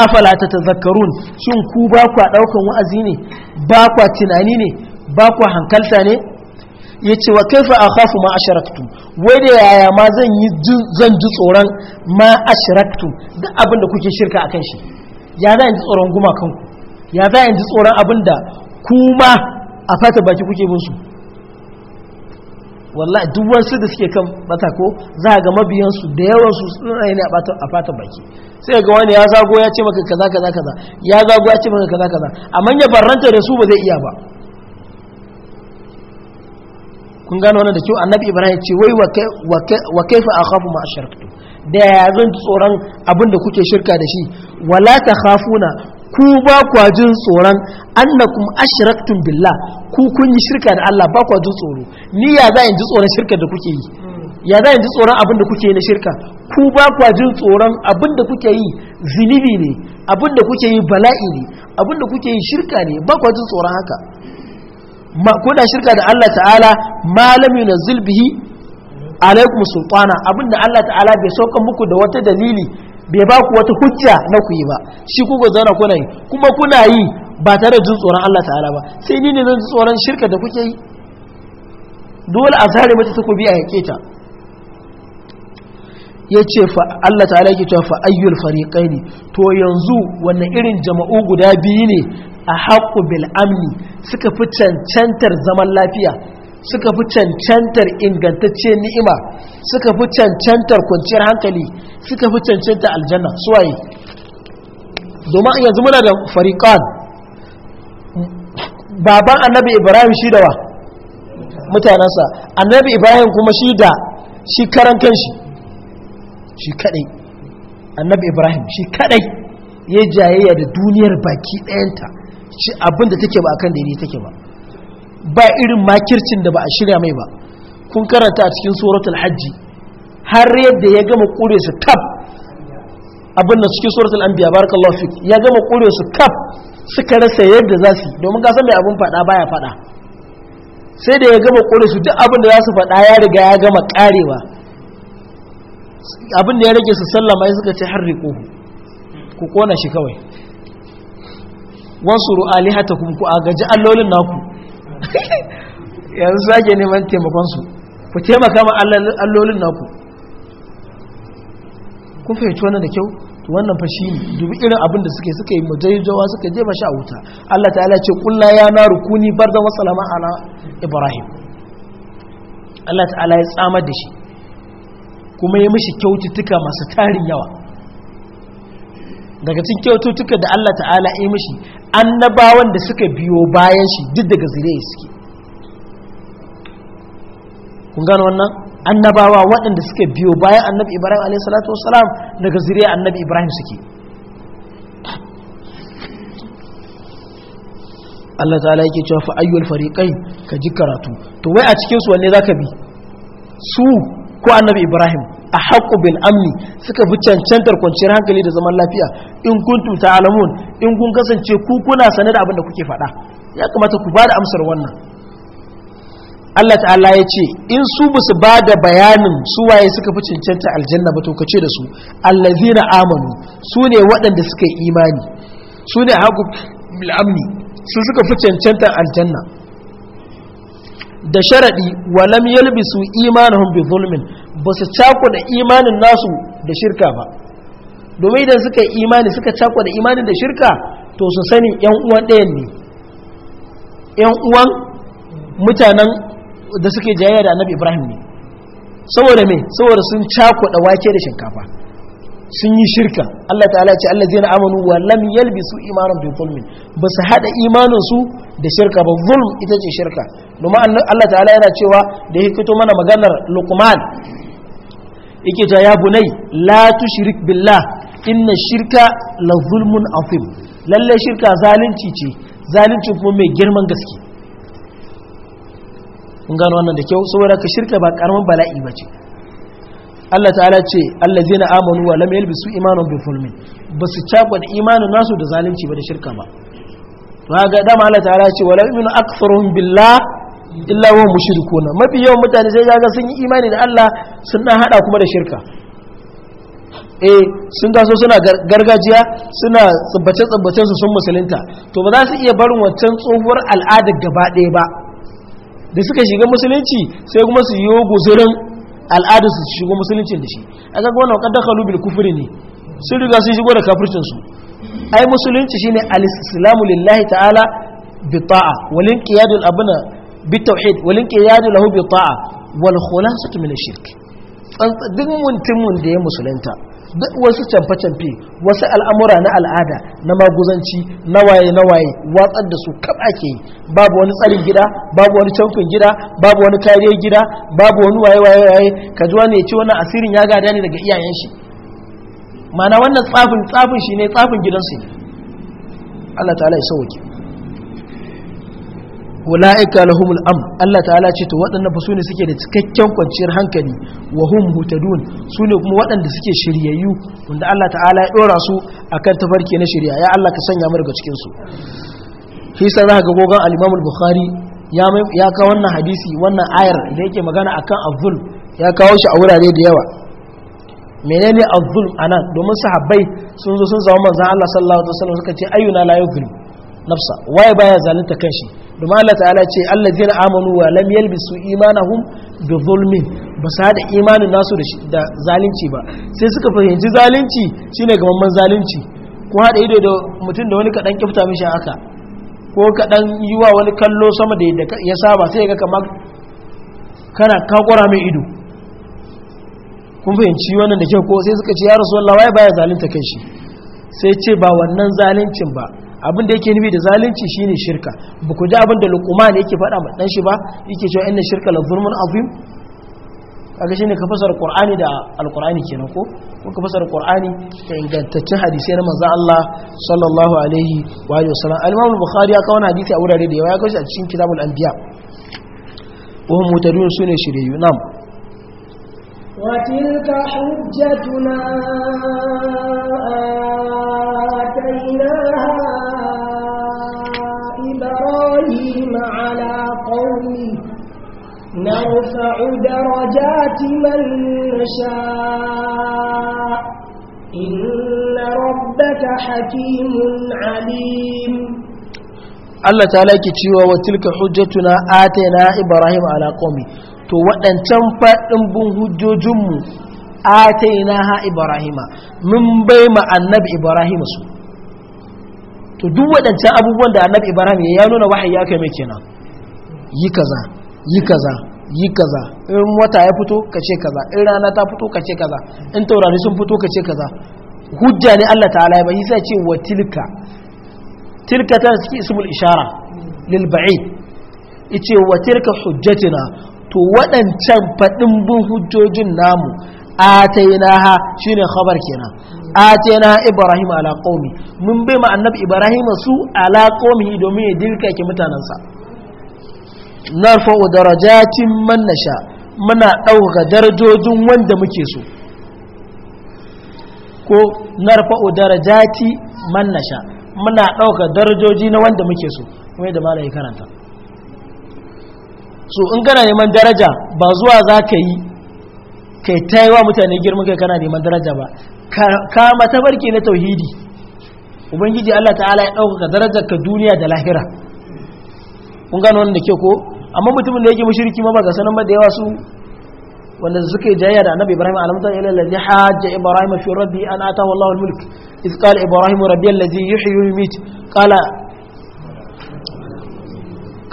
afala ta tazakkarun shin ku ba kwa ɗaukan wa'azi ne ba kwa tunani ne ba kwa hankalta ne ya ce wa kaifa a kafu ma asharaktu wai da yaya ma zan yi zan ji tsoron ma asharaktu da abin da kuke shirka a kan shi ya za in ji tsoron gumakan ya za in ji tsoron abin da kuma a fata baki kuke bin su wallahi duk wasu da suke kan bata ko za ga mabiyansu da yawan su rai ne a fatan baki sai ga wani ya zago ya ce maka kaza kaza kaza ya zago ya ce maka kaza kaza amma ya barranta da su ba zai iya ba kun gano wannan da kyau annabi ibrahim ce wai wa kaifa akhafu ma asharaktu da ya zan tsoron abin da kuke shirka da shi wala ta khafuna ku ba kwa jin tsoron annakum ashraktum billah ku kun yi shirka da Allah ba kwa jin tsoro ni ya za in ji tsoron shirka da kuke yi ya za in ji tsoron abin da kuke yi na shirka ku ba kwa jin tsoron abin da kuke yi zinibi ne abin da kuke yi bala'i ne abin da kuke yi shirka ne ba kwa jin tsoron haka ma kuna shirka da Allah ta'ala malami na zulbihi alaikum sultana abin da Allah ta'ala bai sauka muku da wata dalili bai ba ku wata hujja na ku yi ba shi kuka zauna kuna yi kuma kuna yi ba tare jin tsoron Allah ta'ala ba sai ni ne zan ji tsoron shirka da kuke yi dole a zare mata bi a yake ta ya ce fa Allah ta'ala yake cewa fa ayyul fariqaini to yanzu wannan irin jama'u guda biyu ne a haqqu bil amni suka fi cancantar zaman lafiya suka fi cancantar ingantacciyar ni'ima suka fi cancantar kwanciyar hankali suka fi cancantar aljanna suwaye domin yanzu muna da fariƙan baban annabi ibrahim shi da wa mutanensa annabi ibrahim kuma shi da shi karan kanshi shi kadai annabi ibrahim shi kadai ya jayayya da duniyar baki ɗayanta abinda take ba akan daidai take ba ba irin makircin da ba a shirya mai ba kun karanta a cikin suratul hajji har yadda ya gama kure su kaf abin da cikin suratul anbiya barakallahu fik ya gama kure su kaf suka rasa yadda za su domin ka san mai abin fada baya fada sai da ya gama kure su duk abin da za su fada ya riga ya gama karewa abin da ya rage su sallama ya suka ce har riko, ku kona shi kawai wasu ru'ali ku agaji allolin naku yanzu sake neman su ku taimaka ma allolin naku kun fahimci wannan da kyau wannan fashi ne dubi irin abinda da suke suka yi majalijawa suka je mashi a wuta Allah ta'ala ce kulla ya na rukuni da wasu salama ala ibrahim Allah ta'ala ya tsamar da shi kuma ya mishi kyaututtuka masu tarin yawa daga cikin kyaututtuka da Allah ta'ala yi mishi annabawan da suka biyo bayan shi duk daga zuriya suke kun gano wannan annabawa waɗanda suka biyo bayan annabi ibrahim alayhi salatu wasalam daga zuriya annabi ibrahim suke Allah ta'ala yake cewa fa ayyul fariqai ka ji karatu to wai a cikin su wanne zaka bi su ko annabi ibrahim a haƙu bil'amni amni suka fi cancantar kwanciyar hankali da zaman lafiya in kun tuta alamun in kun kasance ku kuna sane da abin da kuke faɗa ya kamata ku ba da amsar wannan Allah ta'ala ya ce in su ba su ba da bayanin su waye suka fi cancanta aljanna ba to kace da su allazina amanu su ne waɗanda suka yi imani su ne haƙu bil amni su suka fi cancanta aljanna da sharaɗi walam yalbisu imanin bi zulmin ba su cakuda imanin nasu da shirka ba domin idan suka yi imani suka cakuda imanin da shirka to su sani yan uwan ɗayan ne yan uwan mutanen da suke jayayya da annabi ibrahim ne saboda me saboda sun cakuda wake da shinkafa sun yi shirka Allah ta'ala ce Allah zina amanu wa lam yalbisu imanan bi zulmin ba su hada imanin da shirka ba zulm ita ce shirka domin Allah ta'ala yana cewa da ya fito mana maganar Luqman yake ta ya bunai la tushrik billah inna shirka la zulmun azim lalle shirka zalunci ce zalunci kuma mai girman gaske gano wannan da kyau saboda ka shirka ba karamin bala'i ba ce Allah ta'ala ce Allah na amanu wa lam bisu imanan bi fulmi basu cakwa da imanin nasu da zalunci ba da shirka ba to ga dama Allah ta'ala ce wa la yu'minu billah illa wa mushrikuna mafi yawan mutane sai ga sun yi imani da Allah sun dan hada kuma da shirka eh sun gaso suna gargajiya suna tsubbace tsubbace su sun musulunta to ba za su iya barin wancan tsohuwar al'adar gaba ɗaya ba da suka shiga musulunci sai kuma su yi guzurin al'adar su shigo musulunci da shi a ga wannan kan dakhalu bil ne sun riga sun shigo da kafircin su ai musulunci shine al-islamu lillahi ta'ala bi ta'a wal inqiyadu abna bi tauhid wal inqiyadu lahu bi ta'a wal khulasatu min ash-shirk duk mutumin da ya musulunta duk wasu camfe-camfe wasu al'amura na al'ada na maguzanci na waye na watsar da su kaba ake yi babu wani tsarin gida babu wani canfin gida babu wani kariyar gida babu wani waye waye waye ka ji wani ya ce wani asirin ya gada ne daga iyayen shi mana wannan tsafin tsafin shi ne tsafin gidansu Allah ta'ala ya sauke ula'ika lahumul am Allah ta'ala ce to waɗannan fa sune suke da cikakken kwanciyar hankali wa hum hutadun sune kuma waɗanda suke shiryayyu wanda Allah ta'ala ya dora su akan tafarki na shirya ya Allah ka sanya mu daga cikin su shi sai za ga gogon al-Imam al-Bukhari ya ya ka wannan hadisi wannan ayar da yake magana akan azzul ya kawo shi a wurare da yawa menene azzul anan domin sahabbai sun zo sun zama manzon Allah sallallahu alaihi wasallam suka ce ayyuna la yuzlim nafsa waye baya zalunta kanshi domin Allah ta'ala ce Allah na amanu wa lam yalbisu imanahum bi zulmi ba su hada imanin nasu da zalunci ba sai suka fahimci zalunci shine gamamman zalunci ko hada ido da mutum da wani kaɗan kifta mishi haka ko kaɗan yi wa wani kallo sama da yadda ya saba sai ga kamar kana kakura mai ido kun fahimci wannan da kyau ko sai suka ce ya rasu wallawa ya baya zalunta kai shi sai ce ba wannan zaluncin ba abin da yake nufi da zalunci shine shirka ba ku ji abin da luqman yake faɗa ma ɗanshi shi ba yake cewa inna shirka la zulmun azim kaga shine ka fasara qur'ani da alqur'ani kenan ko ko ka fasara qur'ani da ingantaccen hadisi na manzo Allah sallallahu alaihi wa alihi wasallam al-imam al-bukhari ya kawo hadisi a wurare da yawa ya kawo shi a cikin kitabul anbiya wa hum mutadun sune shiriyu nam
وتلك حجتنا آتيناها نرفع درجات من نشاء إن ربك حكيم عليم
Allah ta laki cewa wa tilka hujjatuna atayna Ibrahim ala qaumi to waɗancan fadin bin hujjojinmu atayna ha Ibrahima mun bai ma annabi Ibrahim su to duk waɗancan abubuwan da annabi Ibrahim ya nuna wahayi ya kai mai kenan yi kaza yi kaza yi kaza in wata ya fito ka ce kaza in rana ta fito ka ce kaza in taurari sun fito ka ce kaza hujja ne Allah ta'ala ya bayyana ce wa tilka tilka ta suke ismul ishara lil ba'id yace wa tilka hujjatina to waɗancan faɗin bin hujjojin namu atainaha shine khabar kenan atena ibrahim ala qaumi mun bai ma annabi ibrahim su ala qaumi domin ya dirka ke mutanansa narfa'u darajatin man nasha muna ɗauka darajojin wanda muke so ko narfa'u darajati man nasha muna ɗauka darajoji na wanda muke so kuma da malai karanta so in kana neman daraja ba zuwa za ka yi kai ta yi wa mutane girman kai kana neman daraja ba ka barke na tauhidi ubangiji allah ta'ala ya ɗaukaka darajar ka duniya da lahira kun gano wanda ke ko amma mutumin da yake mushriki ma ba ga sanan ba da yawa su wanda suke jayya da annabi ibrahim alamta ila allazi hajja ibrahim fi rabbi an ata wallahu almulk iz qala ibrahim rabbi allazi yuhyi wa yumit qala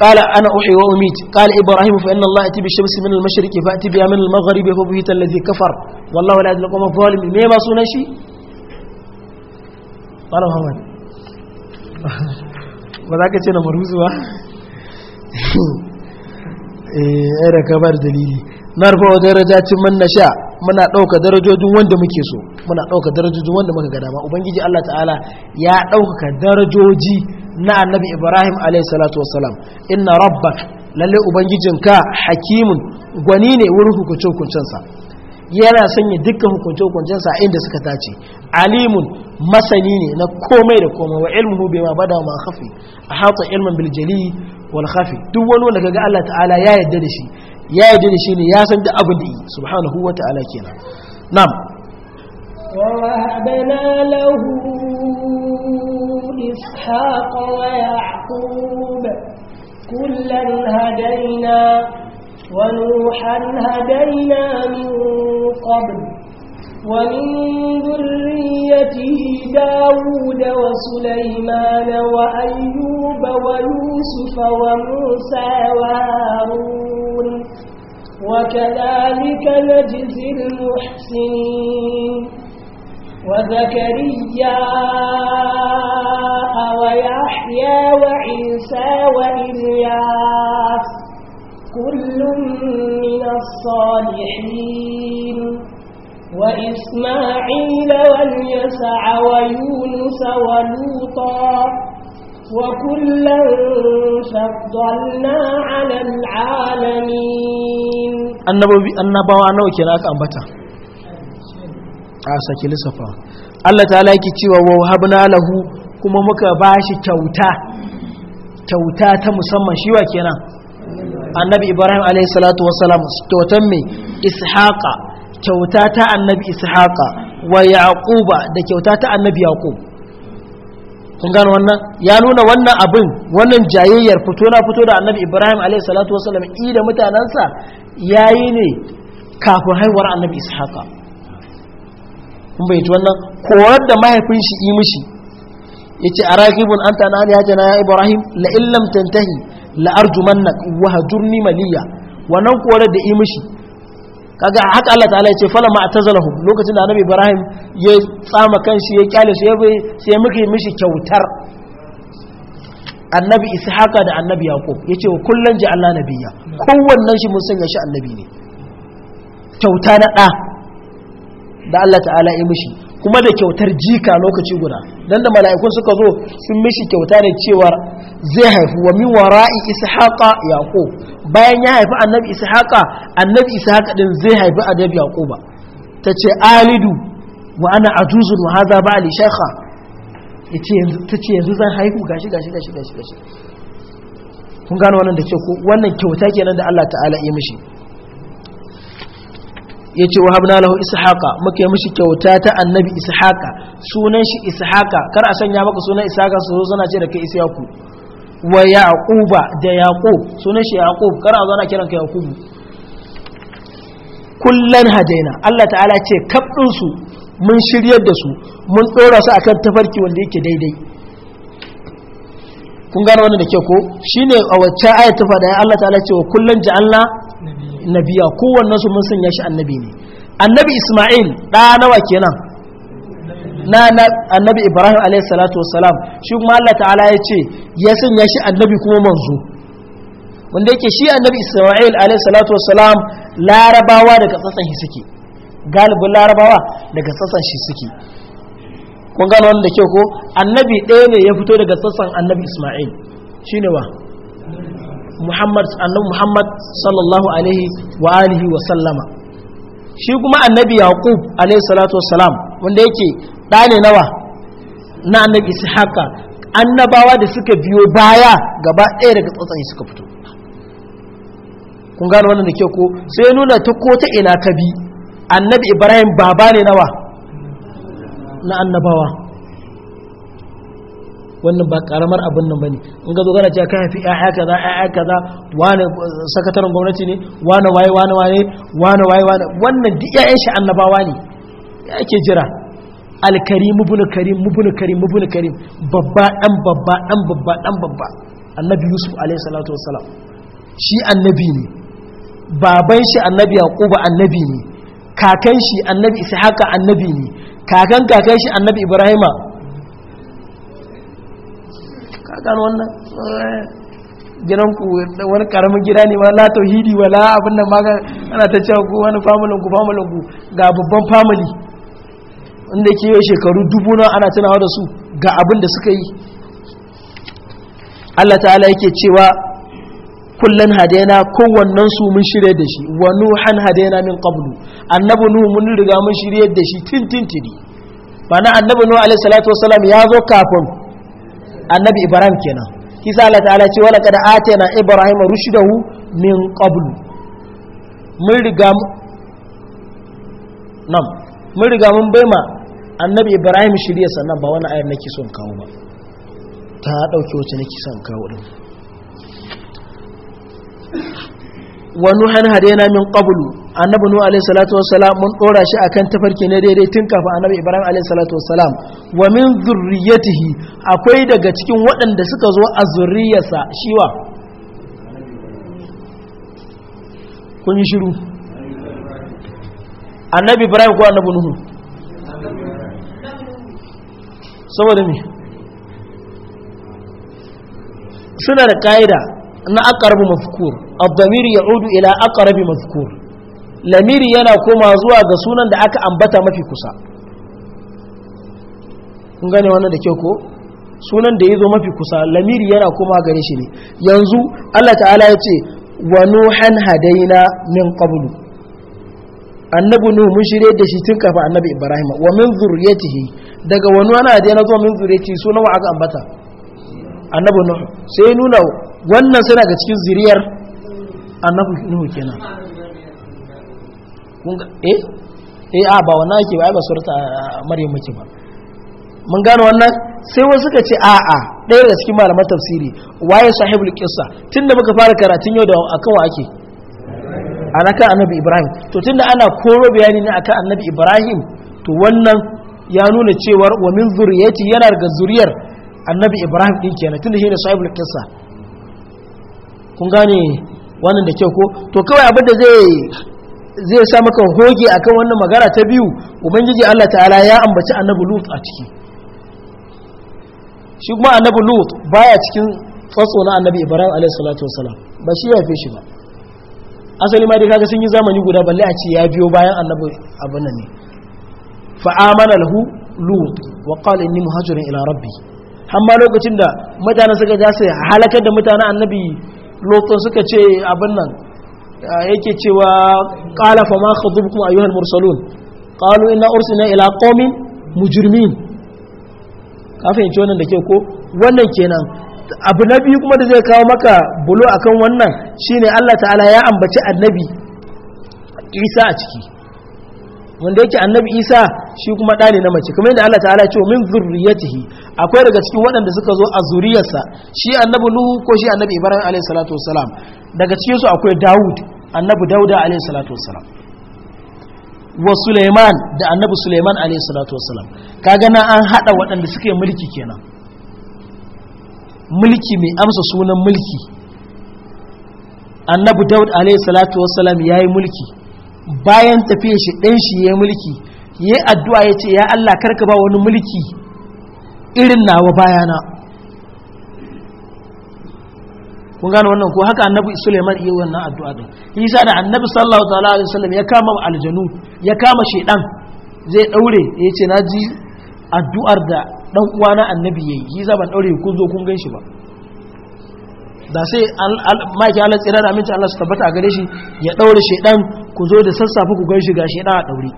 قال أنا أحيي وأميت قال إبراهيم فإن الله أتي بالشمس من المشرق فأتي بها من المغرب فبهت الذي كفر والله لا يدل قوم الظالم ما ما سونا شيء قال محمد وذاك تشنا مروزوا eh da kabar Na rufe wa daraja cin man na sha, muna dauka darajojin wanda muke so muna dauka darajojin wanda muka ga dama ubangiji Allah ta'ala ya ɗaukaka darajoji na annabi Ibrahim alayhi salatu wassalam inna rabbak lalle ka, hakimun gwani ne wurin hukunce hukuncensa yana sanya dukkan hukunce hukuncensa inda suka tace alimun masani ne na komai da komai wa ilmuhu bima bada ma khafi ahata ilman bil jali wal khafi duk wani wanda kaga Allah ta'ala ya yarda da shi ya yarda da shi ne ya san duk abin da yi subhanahu wa ta'ala kenan na'am
ووهبنا له إسحاق ويعقوب كلا هدينا ونوحا هدينا من قبل ومن ذريته داود وسليمان وأيوب ويوسف وموسى وهارون وكذلك نجزي المحسنين وزكريا ويحيى وعيسى وإلياس كل من الصالحين وإسماعيل واليسع ويونس ولوطا وكلا فضلنا على العالمين
annabawi annabawa nawa kenan aka ambata a saki lissafa Allah ta'ala yake cewa wa habna lahu kuma muka bashi kyauta kyauta ta musamman shi wa kenan annabi ibrahim alayhi salatu wassalam kyautan me ishaqa kyauta ta annabi ishaqa wa yaquba da kyauta ta annabi yaqub kun gano wannan ya nuna wannan abin wannan jayayyar fito na fito da annabi ibrahim alayhi salatu wasallam i da mutanansa yayi ne kafin haihuwar annabi ishaqa kun bai ji wannan korar da mahaifin shi yi mishi yace araqibun anta na ali hajana ya ibrahim la illam tantahi la arjumannak wa hajurni maliya wannan korar da yi mishi kaga haka Allah ta'ala ya ce fala ma atazalahu lokacin da annabi Ibrahim ya tsama kanshi ya kyale shi sai muke mishi kyautar annabi ishaqa da annabi yaqub yace wa kullun Allah nabiyya kowannen shi mun sanya shi annabi ne kyauta na da da Allah ta'ala ya mishi kuma da kyautar jika lokaci guda dan da mala'ikun suka zo sun mishi kyauta da cewar zai haifi wa min wara'i ishaqa yaqub bayan ya haifi annabi ishaqa annabi ishaqa din zai haifi annabi yaquba tace alidu wa ana ajuzun wa hadha li shaykha yace tace yanzu zan haihu gashi gashi gashi gashi gashi kun gano wannan da ce ko wannan kyauta kenan da Allah ta'ala ya mishi ya ce wa habna lahu ishaqa muke mishi kyauta ta annabi ishaqa sunan shi ishaqa kar a sanya maka sunan ishaqa su zo suna ce da kai isyaku wa yaquba da yaqub sunan shi yaqub kar a zo ana kiran ka yaqub kullan hadaina Allah ta'ala ce kabdin su mun shiryar da su mun dora su akan tafarki wanda yake daidai kun gano wannan da ke ko shi ne a wacce ayat ta faɗa Allah ta'ala cewa Allah na nabiya kowanne su mun sanya shi annabi ne annabi Isma'il ɗa nawa kenan na annabi Ibrahim alayhi salatu wassalam shi kuma Allah ta'ala ya ce ya sanya shi annabi kuma manzo wanda yake shi annabi Isma'il alayhi salatu wassalam larabawa daga tsatsan shi suke galibin larabawa daga tsatsan shi suke kun gano wannan da ke ko annabi ɗaya ne ya fito daga sassan annabi isma'il shine wa muhammad annabi muhammad sallallahu alaihi wa alihi wa sallama shi kuma annabi yaqub alaihi salatu wassalam wanda yake ɗa ne nawa na annabi ishaqa annabawa da suka biyo baya gaba ɗaya daga tsatsan suka fito kun gano wannan da ke ko sai nuna ta ko ta ina ka bi annabi ibrahim baba ne nawa na annabawa wannan ba karamar abin nan bane in ga zo kana cewa kai fi ayya kaza ayya kaza wani sakataren gwamnati ne wani waye wani waye wani waye wani wannan duk ƴaƴan shi annabawa ne ya ke jira alkarim ibn karim ibn karim ibn karim babba dan babba dan babba dan babba annabi yusuf alayhi salatu wassalam shi annabi ne baban shi annabi yaquba annabi ne kakan shi annabi ishaqa annabi ne kakan kakan shi annabi ibrahima kakan wannan eh, gidanku wani karamin gida ne wala tauhidi wala abin da maka ana ta cewa ku wani famulinku ku ga babban famili inda ke yau shekaru dubu na ana tunawa da su ga abin da suka yi Allah ta'ala yake cewa kullun hadaina kowannen su mun shirye da shi wa nuhan hadaina min qablu annabi nuh mun riga mun shirye da shi tintintini mana annabi nuh alaihi salatu wasalam ya zo kafin annabi ibrahim kenan kisa Allah ta'ala ce wala kada atayna ibrahima rushdahu min qablu mun riga nam mun riga mun baima annabi ibrahim shirye sannan ba wani ayar nake son kawo ba ta dauke wacce nake son kawo din wa nuhan hadaina min qablu annabi nuhu alayhi salatu salam mun dora shi akan tafarki ne daidai tun kafin annabi ibrahim alayhi salatu salam wa min zurriyatihi akwai daga cikin waɗanda suka zo a zurriyarsa shiwa kun yi shiru annabi ibrahim ko annabi nuhu saboda me suna da ka'ida na aqrabu mazkur ad-damir ya'udu ila aqrabi mazkur lamiri yana koma zuwa ga sunan da aka ambata mafi kusa kun gane wannan da kyau ko sunan da ya mafi kusa lamiri yana koma gare shi ne yanzu Allah ta'ala ya ce wa nuhan hadaina min qablu annabi nuhu mun shirye da shi tun kafa annabi ibrahim wa min zurriyatihi daga wa nuhan hadaina zuwa min zurriyatihi sunan wa aka ambata annabi nuhu sai nuna wannan suna ga cikin ziriyar annabi nuhu kenan kun eh eh a ba wannan ake ba ai ba surta maryam muke ba mun gano wannan sai wasu suka ce a a ɗaya da cikin malaman tafsiri waye sahibul qissa tunda muka fara karatun yau da akan wa ake anaka annabi ibrahim to tunda ana koro bayani ne akan annabi ibrahim to wannan ya nuna cewar wa min zuriyati yana daga zuriyar annabi ibrahim din kenan tunda shine sahibul qissa kun gane wannan da kyau ko to kawai abin da zai zai sa maka hoge akan wannan magana ta biyu ubangiji Allah ta'ala ya ambaci annabi lut a ciki shi kuma annabi lut baya cikin tsatso na annabi ibrahim alaihi salatu wasalam ba shi ya fi shi ba asali ma dai kaga sun yi zamani guda balle a ce ya biyo bayan annabi abin nan ne fa amana lahu lut wa qala inni muhajirun ila rabbi lokacin da mutane suka ja su halakar da mutanen annabi loto suka ce abin nan yake cewa kala fa ma khatubkum al mursalun qalu inna ursina ila qaumin mujrimin ka fahimci wannan da ke ko wannan kenan abu na biyu kuma da zai kawo maka bulo akan wannan shine Allah ta'ala ya ambaci annabi Isa a ciki wanda yake annabi isa shi kuma ɗa ne na mace kamar yadda allah ta'ala cewa min zurriyatihi akwai daga cikin waɗanda suka zo a zuriyarsa shi annabi nuhu ko shi annabi ibrahim alayhi daga cikin su akwai dawud annabi dauda alayhi wa suleiman da annabi suleiman alayhi salatu wasalam kaga na an haɗa waɗanda suke mulki kenan mulki mai amsa sunan mulki annabi daud alayhi salatu wasalam yayi mulki bayan tafiye shi ɗan shi ya mulki ya yi addu'a ya ce ya Allah karka ba wani mulki irin nawa bayana kun gane wannan ko haka annabi Suleiman iya wannan addu'a din Isa da annabi sallallahu ta'ala alaihi wasallam ya kama aljanu ya kama shaidan zai daure ya ce na ji addu'ar da dan uwana annabi yayi Isa ban daure kun zo kun gan shi ba da sai ma'aikin Allah tsira da aminci Allah su tabbata a gare shi ya ɗaure shaidan ku zo da sassafe ku gan shi ga shaidan a ɗaure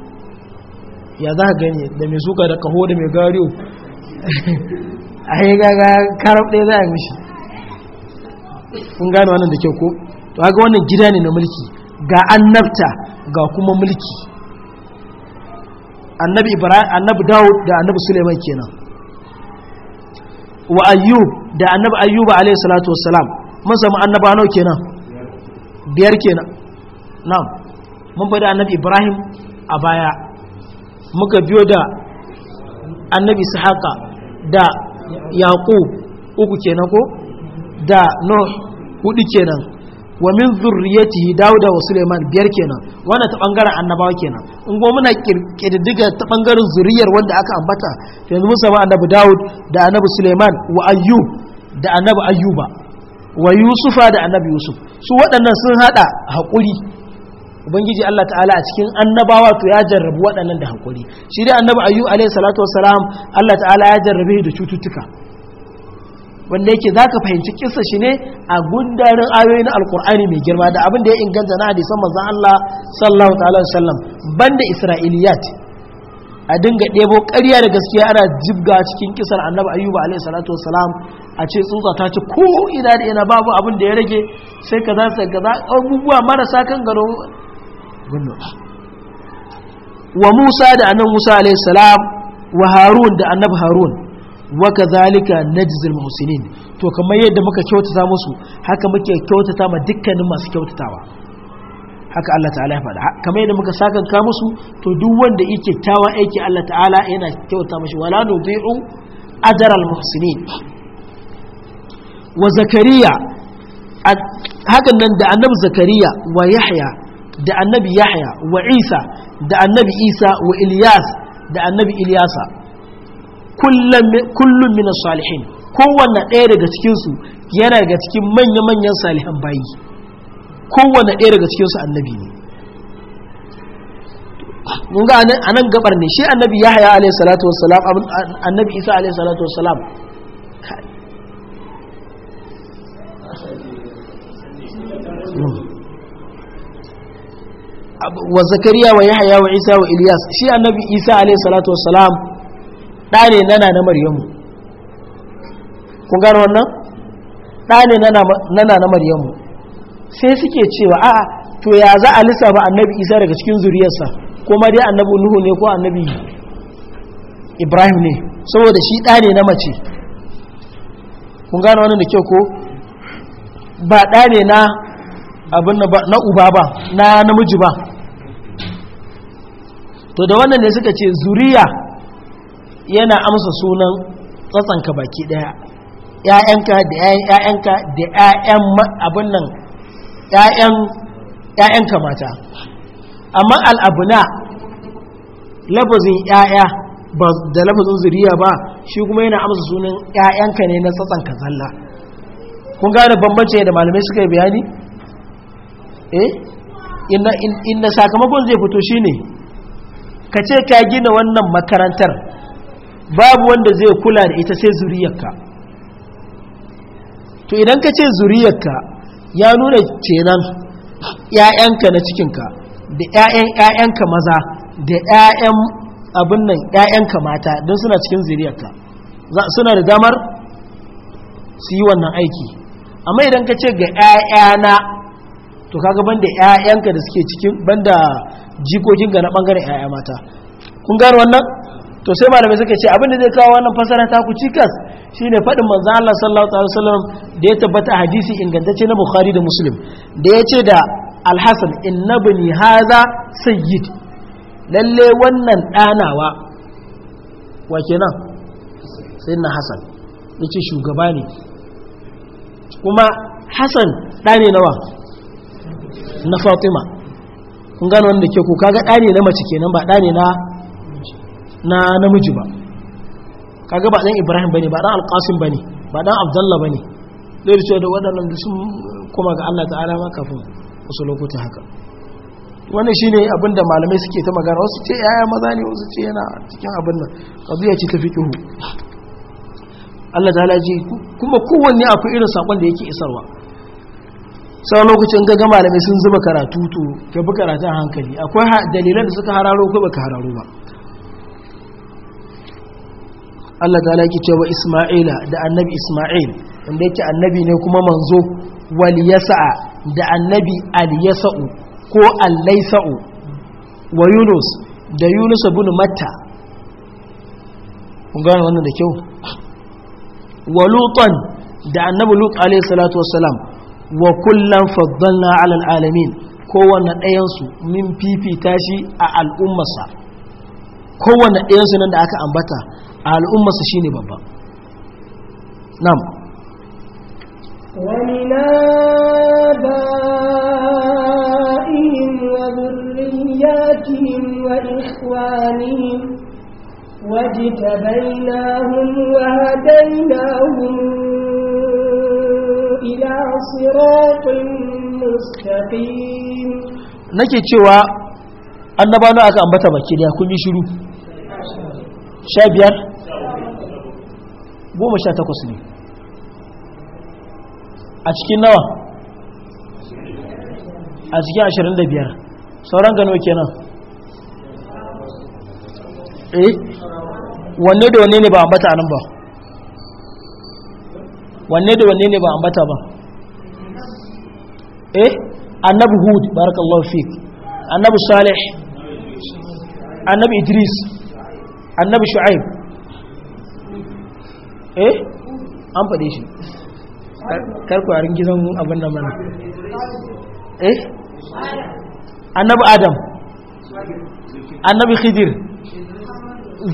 ya za ka gani da mai suka da kaho da mai gariyo a yi gaga karab ɗaya za a mishi kun gane wannan da kyau ko to haka wannan gida ne na mulki ga annabta ga kuma mulki annabi ibrahim annabi dawud da annabi suleiman kenan wa ayyub da annabi ayyuba alayhi salatu wassalam mun samu annaba nau kenan biyar kenan na'am mun bada annabi ibrahim a baya muka biyo da annabi sahaka da yaqub uku kenan ko da nuh hudu kenan wa min zurriyatihi dauda wa suleiman biyar kenan wannan ta bangaren annabawa kenan in go muna diga ta bangaren zuriyar wanda aka ambata yanzu mun annabi daud da annabi suleiman wa ayyub da annabi ayyuba wa yusufa da annabi yusuf su waɗannan sun haɗa haƙuri ubangiji Allah ta'ala a cikin annabawa to ya jarrabu waɗannan da haƙuri shi dai annabi ayyu alayhi salatu wassalam Allah ta'ala ya jarrabe da cututtuka wanda yake zaka fahimci kisa shi ne a gundarin ayoyin alqur'ani mai girma da abin da ya inganta na hadisan manzon Allah sallallahu ta'ala wasallam banda isra'iliyat a dinga ɗebo ƙarya da gaskiya ana jibga cikin kisar annabi ayyuba alaihi salatu wasalam a ce tsutsa ta ci ko ina da ina babu abin da ya rage sai kaza sai kaza abubuwa marasa kan gano ah. wa Musa da annan Musa alaihi salam wa Harun da annabi Harun wa kazalika najzil muhsinin to kamar yadda muka kyautata musu haka muke kyautata ma dukkanin masu kyautatawa haka Allah ta'ala ya faɗa kamar yadda muka sakan ka musu to duk wanda yake tawa aiki Allah ta'ala yana kyauta mashi wala nudhi'u ajra al-muhsinin wa zakariya hakan nan da annabi zakariya wa yahya da annabi yahya wa isa da annabi isa wa ilyas da annabi ilyasa kullum min salihin kowanne ɗaya daga cikinsu yana daga cikin manya-manyan salihan bayi kowane ɗaya daga cikinsu annabi ne mun ga a nan gabar ne shi annabi ya haya alaihi salatu wassalam annabi isa alaihi salatu wassalam wa zakariya wa yahya wa isa wa ilyas shi annabi isa alaihi salatu wassalam ɗa ne nana na maryamu kun gano wannan ɗane ne nana na maryamu sai suke cewa a to ya za a lissafa annabi isa daga cikin zuriyarsa ko ma dai annabi nuhu ne ko annabi ibrahim ne saboda shi ɗa ne na mace kun gane wannan da kyau ko ba ɗa ne na abin na uba ba na namiji ba to da wannan ne suka ce zuriya yana amsa sunan tsatsanka baki ɗaya ‘ya'yanka da ‘ya'yanka da ‘ya'yan abin nan ‘ya'yan kamata amma al'abuna labuzin ‘ya'ya ba da labuzin zuriya ba shi kuma yana amsa sunan ‘ya'yanka ne na tsatsan kazalla kun gane bambance da malamai suka yi bayani? eh inda sakamakon zai fito shi ne ka ce ka gina wannan makarantar babu wanda zai kula da ita sai zuriyarka to idan ka ce zuriyarka ya nuna kenan ‘ya'yanka na cikinka da ‘ya'yan ‘ya'yanka maza da ‘ya'yan abin nan ‘ya'yanka mata don suna cikin zuriyarka suna da damar su yi wannan aiki amma idan ka ce ga ‘ya'yana to kaga banda ‘ya'yanka da suke cikin banda jikokin ga na ɓangaren ‘ya'ya mata kun gano wannan to sai malamai suka ce abin da zai kawo wannan fasara ta ku cikas Shi ne faɗin manzan Allah sallallahu alaihi wasallam da ya tabbata hadisi ingantacce na Bukhari da Muslim da ya ce da Al-Hasan inna bani haza sayyid lalle wannan ɗanawa wa kenan na Hassan yace shugaba ne kuma Hassan ɗa ne nawa na Fatima kun gano wanda ke ko kaga ɗa ne na mace kenan ba ɗa ne na namiji ba kaga ba dan ibrahim bane ba dan alqasim bane ba dan abdullah bane zai da da waɗannan sun kuma ga allah ta'ala ma kafin wasu lokuta haka wannan shine abin da malamai suke ta magana wasu ce yaya maza ne wasu ce yana cikin abin nan ya ce ta fiqhu Allah ta'ala ji kuma kowanne akwai irin sakon da yake isarwa sau lokacin ga malamai sun zuba karatu to ka bi karatu a hankali akwai dalilan da suka hararo ko baka hararo ba Allah ta laƙi cewa Isma'ila da annabi Isma'il inda yake annabi ne kuma manzo wal yasa da annabi al yasa'u ko al laysa'u wa Yunus da Yunus ibn Matta kun gane wannan da kyau wa Lutan da annabi Lut alayhi salatu wassalam wa kullan faddalna ala al alamin kowanne ɗayan su min fifita shi a al'ummarsa kowanne ɗayan su nan da aka ambata shi ne babba nam
ومن آبائهم وذرياتهم وإخوانهم واجتبيناهم وهديناهم إلى صراط مستقيم
nake cewa annaba na aka ambata baki daya kun yi shiru sha biyar goma sha takwas ne a cikin nawa a cikin ashirin da biyar sauran gano kenan eh wanne da wanne ne ba ambata nan ba wanne da wanne ne ba ambata ba eh annabi hud barakallahu fik annabi salih annabi idris annabi shu'aib eh an faɗe shi karkwarin gizon abin da mana eh annabi adam annabi khidir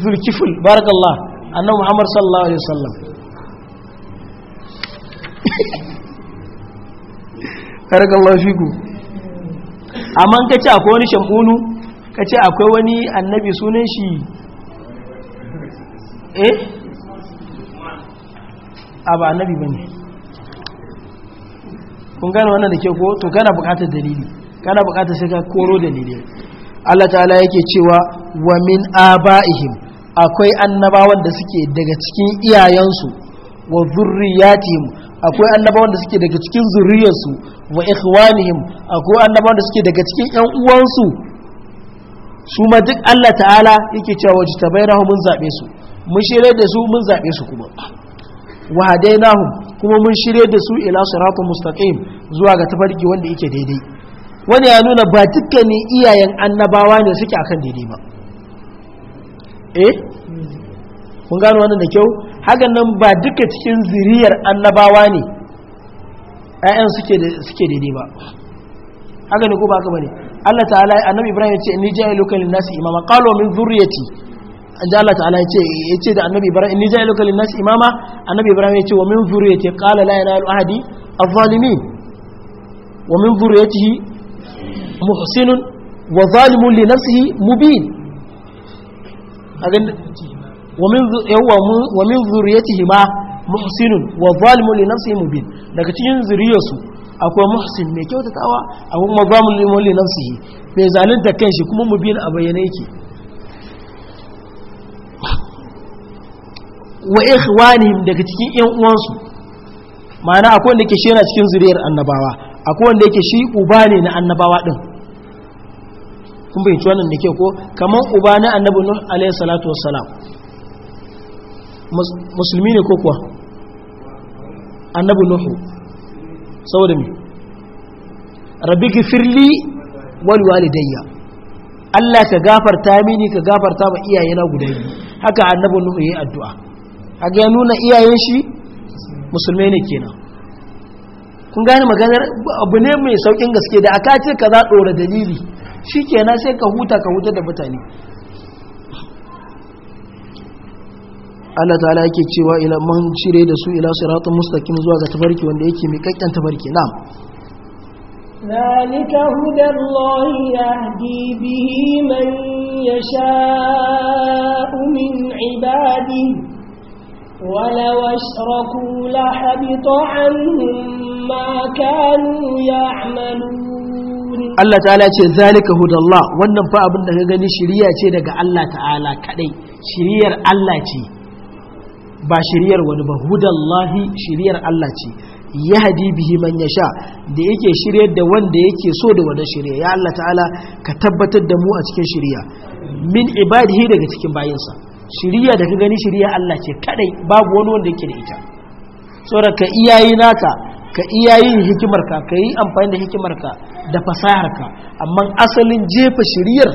zulkiful barakallah annabi muhammad sallallahu alaihi wasallam barakallahu fiku amma ka ce akwai wani shamunu ka ce akwai wani annabi sunan shi eh a ba annabi ba ne kun gane wannan da ke ko to kana bukatar dalili kana bukatar sai ka koro dalili Allah ta'ala yake cewa wa min aba'ihim akwai annabawan da suke daga cikin iyayensu wa zurriyatihim akwai annabawan da suke daga cikin zuriyarsu wa ikhwanihim akwai annabawan da suke daga cikin ƴan uwansu su ma duk Allah ta'ala yake cewa wajtabainahum mun zabe su mun shirye da su mun zabe su kuma wa hadainahum kuma mun shirye da su ila siratul mustaqim zuwa ga tafarki wanda yake daidai wani ya nuna ba dukkanin iyayen annabawa ne suke akan daidai ba eh kun gano wannan da kyau hakan nan ba duka cikin ziriyar annabawa ne ayan suke suke daidai ba haka ne ko ba haka bane Allah ta'ala annabi Ibrahim ya ce inni ja'iluka lin-nasi imama qalu min dhurriyyati Allah ala yace yace da annabi ibrahim inni ja'alu kal nas imama annabi ibrahim yace wa min zuriyati qala la illa ahadi adh-dhalimin wa min zuriyatihi muhsinun wa zalimun li nafsihi mubin wa min yawa wa min zuriyatihi ma muhsinun wa zalimun li nafsihi mubin daga cikin zuriyarsu akwai muhsin mai kyautatawa akwai mazamun li nafsihi mai zalunta kanshi kuma mubin a bayyane yake wa ikhwanihim daga cikin yan uwansu ma'ana akwai wanda yake shi yana cikin zuriyar annabawa akwai wanda yake shi uba ne na annabawa din kun bai wannan da ke ko kaman uba na annabi nuh alayhi salatu wassalam musulmi ne ko kuwa annabi nuhu saboda me rabbi gifirli wal walidayya Allah ka gafarta mini ka gafarta ma iyayena guda biyu haka annabin nuhu ya yi addu'a a ya nuna iyayen shi musulmai ne kenan kun gane maganar abu ne mai saukin gaske da aka ce ka za dora dalili shi kenan sai ka huta ka huta da mutane Allah ta'ala yake cewa ila man shirye da su ila siratun mustakin zuwa ga tabarki wanda yake mai kakkan tabarki na'am
ذلك هدى الله يهدي به من يشاء من عباده ولو اشركوا لحبط عنهم ما كانوا يعملون
الله تعالى ce zalika hudallah wannan fa abin da ka gani shiriya ce daga Allah ta'ala kadai shiriyar Allah ce ba shiriyar wani ba hudallahi shiriyar Allah ce hadi bihi man Ya Sha da yake shiryar da wanda yake so da wanda shirya ya Allah ta'ala ka tabbatar da mu a cikin shirya min ibadihi daga cikin bayinsa shirya da ka gani shirya Allah ce kadai babu wani wanda yake da ita saboda ka iyayi naka ka iya yin hikimarka ka yi amfani da hikimarka da fasaharka amma asalin jefa shiryar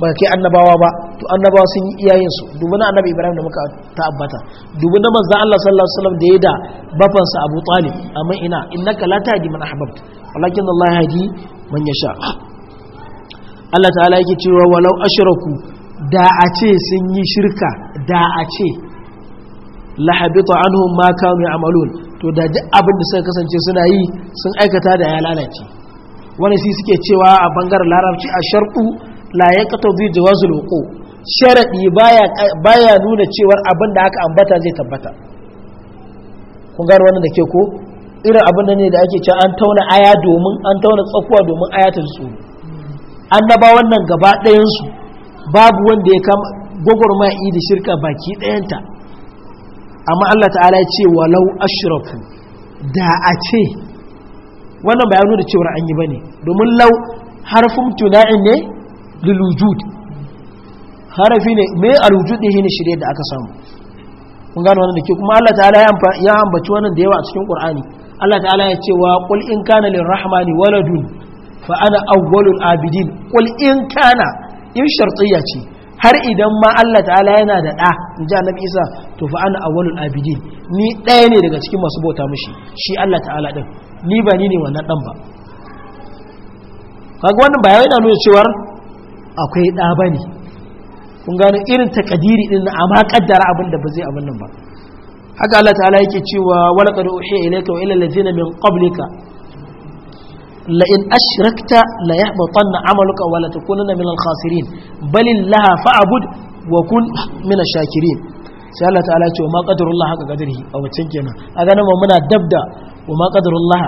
ba kai annabawa ba to annabawa sun yi iyayensu dubu na annabi ibrahim da muka tabbata dubu na manzo Allah sallallahu alaihi wasallam da ya da bafansa Abu Talib amma ina innaka la tahdi man ahbabta walakin Allah yahdi man yasha Allah ta'ala yake cewa walau ashraku da a ce sun yi shirka da a ce la habita anhum ma kanu ya'malun to da duk abin da suka kasance suna yi sun aikata da ya lalace wani si suke cewa a bangaren larabci a sharku la ya kata jawazul wuku sharaɗi baya nuna cewar abin da aka ambata zai tabbata kun gano wannan da ke ko irin abin da ne da ake cewa an tauna aya domin an tauna tsakuwa domin aya ta ji tsoro annaba wannan gaba ɗayansu babu wanda ya kama gwagwarmaya da shirka baki ɗayanta amma Allah ta'ala ya ce walau ashrafu da a ce wannan bayanu nuna cewar an yi bane domin lau harfin tuna'in ne lulujud. harafi ne me alwujud ne ne shirye da aka samu kun gano wannan kuma Allah ta'ala ya ambaci wannan da yawa a cikin Qur'ani Allah ta'ala ya ce wa qul in kana lirrahmani waladun fa ana awwalul abidin qul in kana in shartiyya ce har idan ma Allah ta'ala yana da ɗa in ji annabi Isa to fa ana awwalul abidin ni ɗaya ne daga cikin masu bauta mishi shi Allah ta'ala din ni ba ni ne wannan dan ba kaga wannan ba yana nuna cewa akwai ɗa bane kun gano irin takadiri din na amma kaddara abin da ba zai abin nan ba haka Allah ta'ala yake cewa wala qad uhiya ilayka wa ila allazina min qablika la in ashrakta la yahbatanna amaluka wa la takunanna min al-khasirin bal laha fa'bud wa kun min ash-shakirin sai Allah ta'ala ya ce ma qadarullah haka qadarihi a wancan kenan a ganin mu muna dabda wa ma qadarullah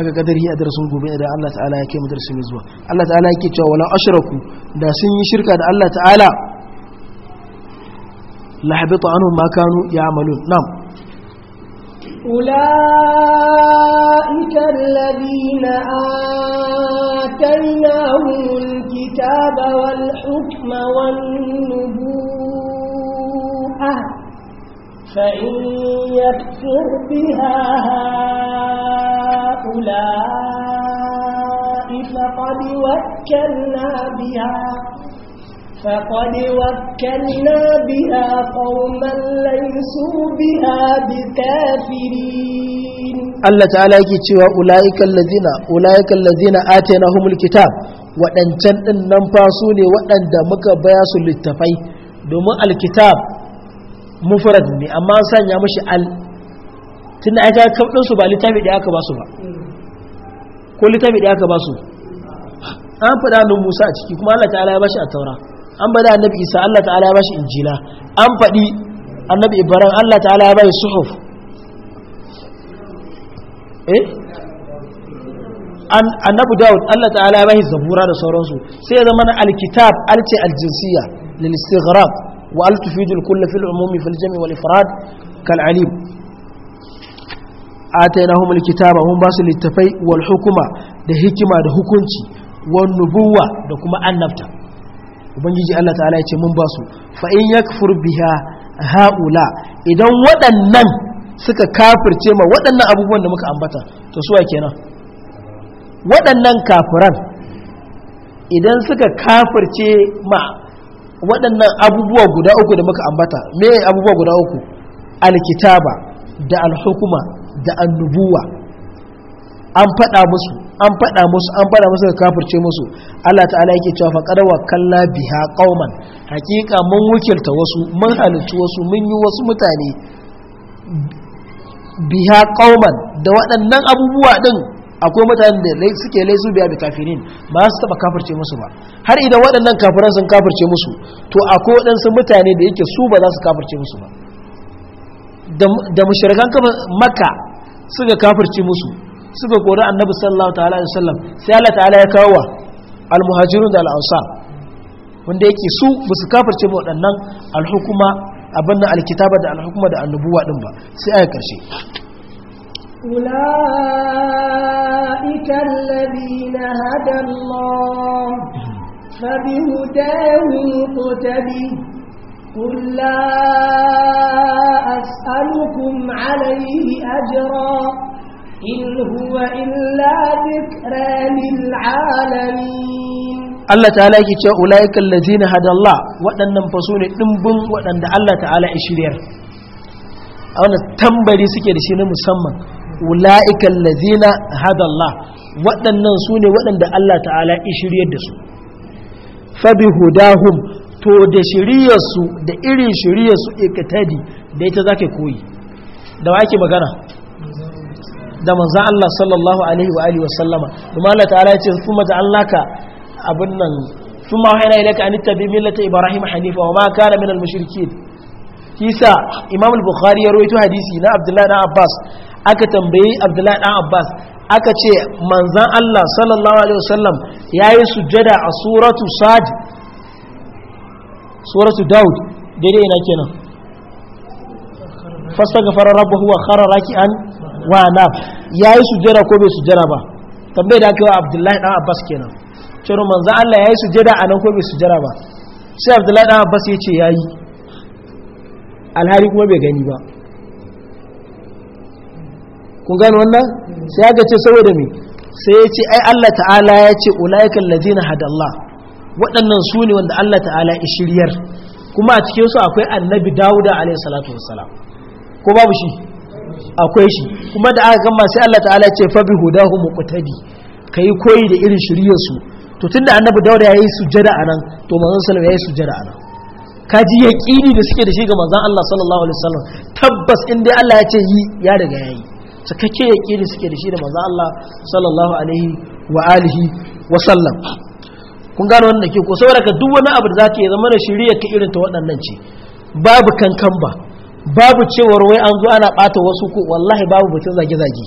haka qadarihi a darasin gobe idan Allah ta'ala ya kai mu darasin zuwa Allah ta'ala yake cewa wala ashraku da sun yi shirka da Allah ta'ala لحبط عنهم ما كانوا يعملون نعم
أولئك الذين آتيناهم الكتاب والحكم والنبوءة فإن يكفر بها هؤلاء فقد وكلنا بها فقد وكلنا بها قوما ليسوا بها بكافرين
الله تعالى yake cewa ulaiikal ladina ulaiikal ladina atainahumul kitab wadancan din nan fa su ne wadanda muka baya su littafai domin alkitab mufrad ne amma an sanya mishi al tunda ai ta kabdin su ba littafi da aka ba su ba ko littafi da aka ba su an faɗa nun Musa a ciki kuma Allah ta'ala ya bashi a taura an bada annabi isa Allah ta'ala ya bashi injila an faɗi annabi ibrahim Allah ta'ala ya bashi suhuf eh annabi daud Allah ta'ala ya bashi zabura da sauransu sai ya zama na alkitab alce aljinsiya lil istighraq wa al tufidul kull fil umumi fil jami wal ifrad kal alim atainahum alkitaba mun basu littafai wal hukuma da hikima da hukunci wan nubuwa da kuma annabta ubangiji Allah ta'ala ya ce mun ba su fa in yakfur biha haula idan waɗannan suka kafirce ma waɗannan abubuwan da muka ambata to suwa kenan waɗannan kafiran idan suka kafirce ma waɗannan abubuwa guda uku da muka ambata me abubuwa guda uku alkitaba da alhukuma da annubuwa an faɗa musu an faɗa musu an faɗa musu ka kafirce musu Allah ta'ala yake cewa faqad wa kalla biha qauman hakika mun wukilta wasu mun halicci wasu mun yi wasu mutane biha qauman da waɗannan abubuwa din akwai mutanen da suke laisu biya bi kafirin ba su taba kafirce musu ba har idan waɗannan kafiran sun kafirce musu to akwai waɗansu mutane da yake su ba za su kafirce musu ba da mushrikan maka suka kafirce musu suka kori annabi sallallahu ta'ala alaihi sallam sai Allah ta'ala ya kawo al-muhajirun da al'ausa ansar wanda yake su ba su kafirce ba waɗannan alhukuma hukuma abin da al da al da annubuwa ɗin ba sai aya karshe
أولئك الذين هدى الله فبهداه مقتدي قل لا أسألكم عليه أجرا إن هو إلا
Allah ta'ala yake cewa ulaikan lazina hadallah waɗannan fa sune dimbin waɗanda Allah ta'ala ya shiryar a tambari suke da shi na musamman ula'ikan lazina hadallah waɗannan sune waɗanda Allah ta'ala ya shiryar da su fa bihudahum to da shiriyarsu da irin shiriyarsu ikatadi da ita zaka koyi da wa ake magana da manzan Allah sallallahu alaihi wa alihi wa sallama kuma Allah ta'ala ya ce kuma ja'alnaka abin nan ثم وحينا إليك أن اتبع ملة إبراهيم حنيفا وما كان من المشركين kisa imam al-bukhari ya rawaito hadisi na abdullahi dan abbas aka tambayi abdullahi dan abbas aka ce manzan allah sallallahu alaihi wasallam yayi sujjada a suratu sad suratu daud daidai ina kenan fastaghfara rabbahu wa khara raki'an wa ya yi sujjada ko bai sujjada ba tambaye da aka yi wa abdullahi dan abbas kenan cewa manzo Allah ya yayi sujjada anan ko bai sujjada ba sai abdullahi dan abbas ya ce ya yi. alhari kuma bai gani ba kun gani wannan sai ya ce saboda me sai ya ce ai Allah ta'ala ya ce ulaiikal ladina hadallah waɗannan su ne wanda Allah ta'ala ya shiryar kuma a cikin su akwai annabi Dawuda alaihi salatu wassalam ko babu shi akwai shi kuma da aka gama sai Allah ta'ala ce fa bi hudahu muqtadi kai koyi da irin shiriyar su to tunda annabi dauda yayi sujada anan to manzon sallallahu yayi sujada anan kaji yaqini da suke da shi ga manzon Allah sallallahu alaihi wasallam tabbas in dai Allah ya ce yi ya riga yayi cikakke yaqini suke da shi da manzon Allah sallallahu alaihi wa alihi wa sallam kun gano wannan ke ko saboda duk wani abu da zaka yi zama da shiriyar ka irin ta waɗannan ce babu kankan ba babu cewar wai an zo ana bata wasu ko wallahi babu batun zage-zage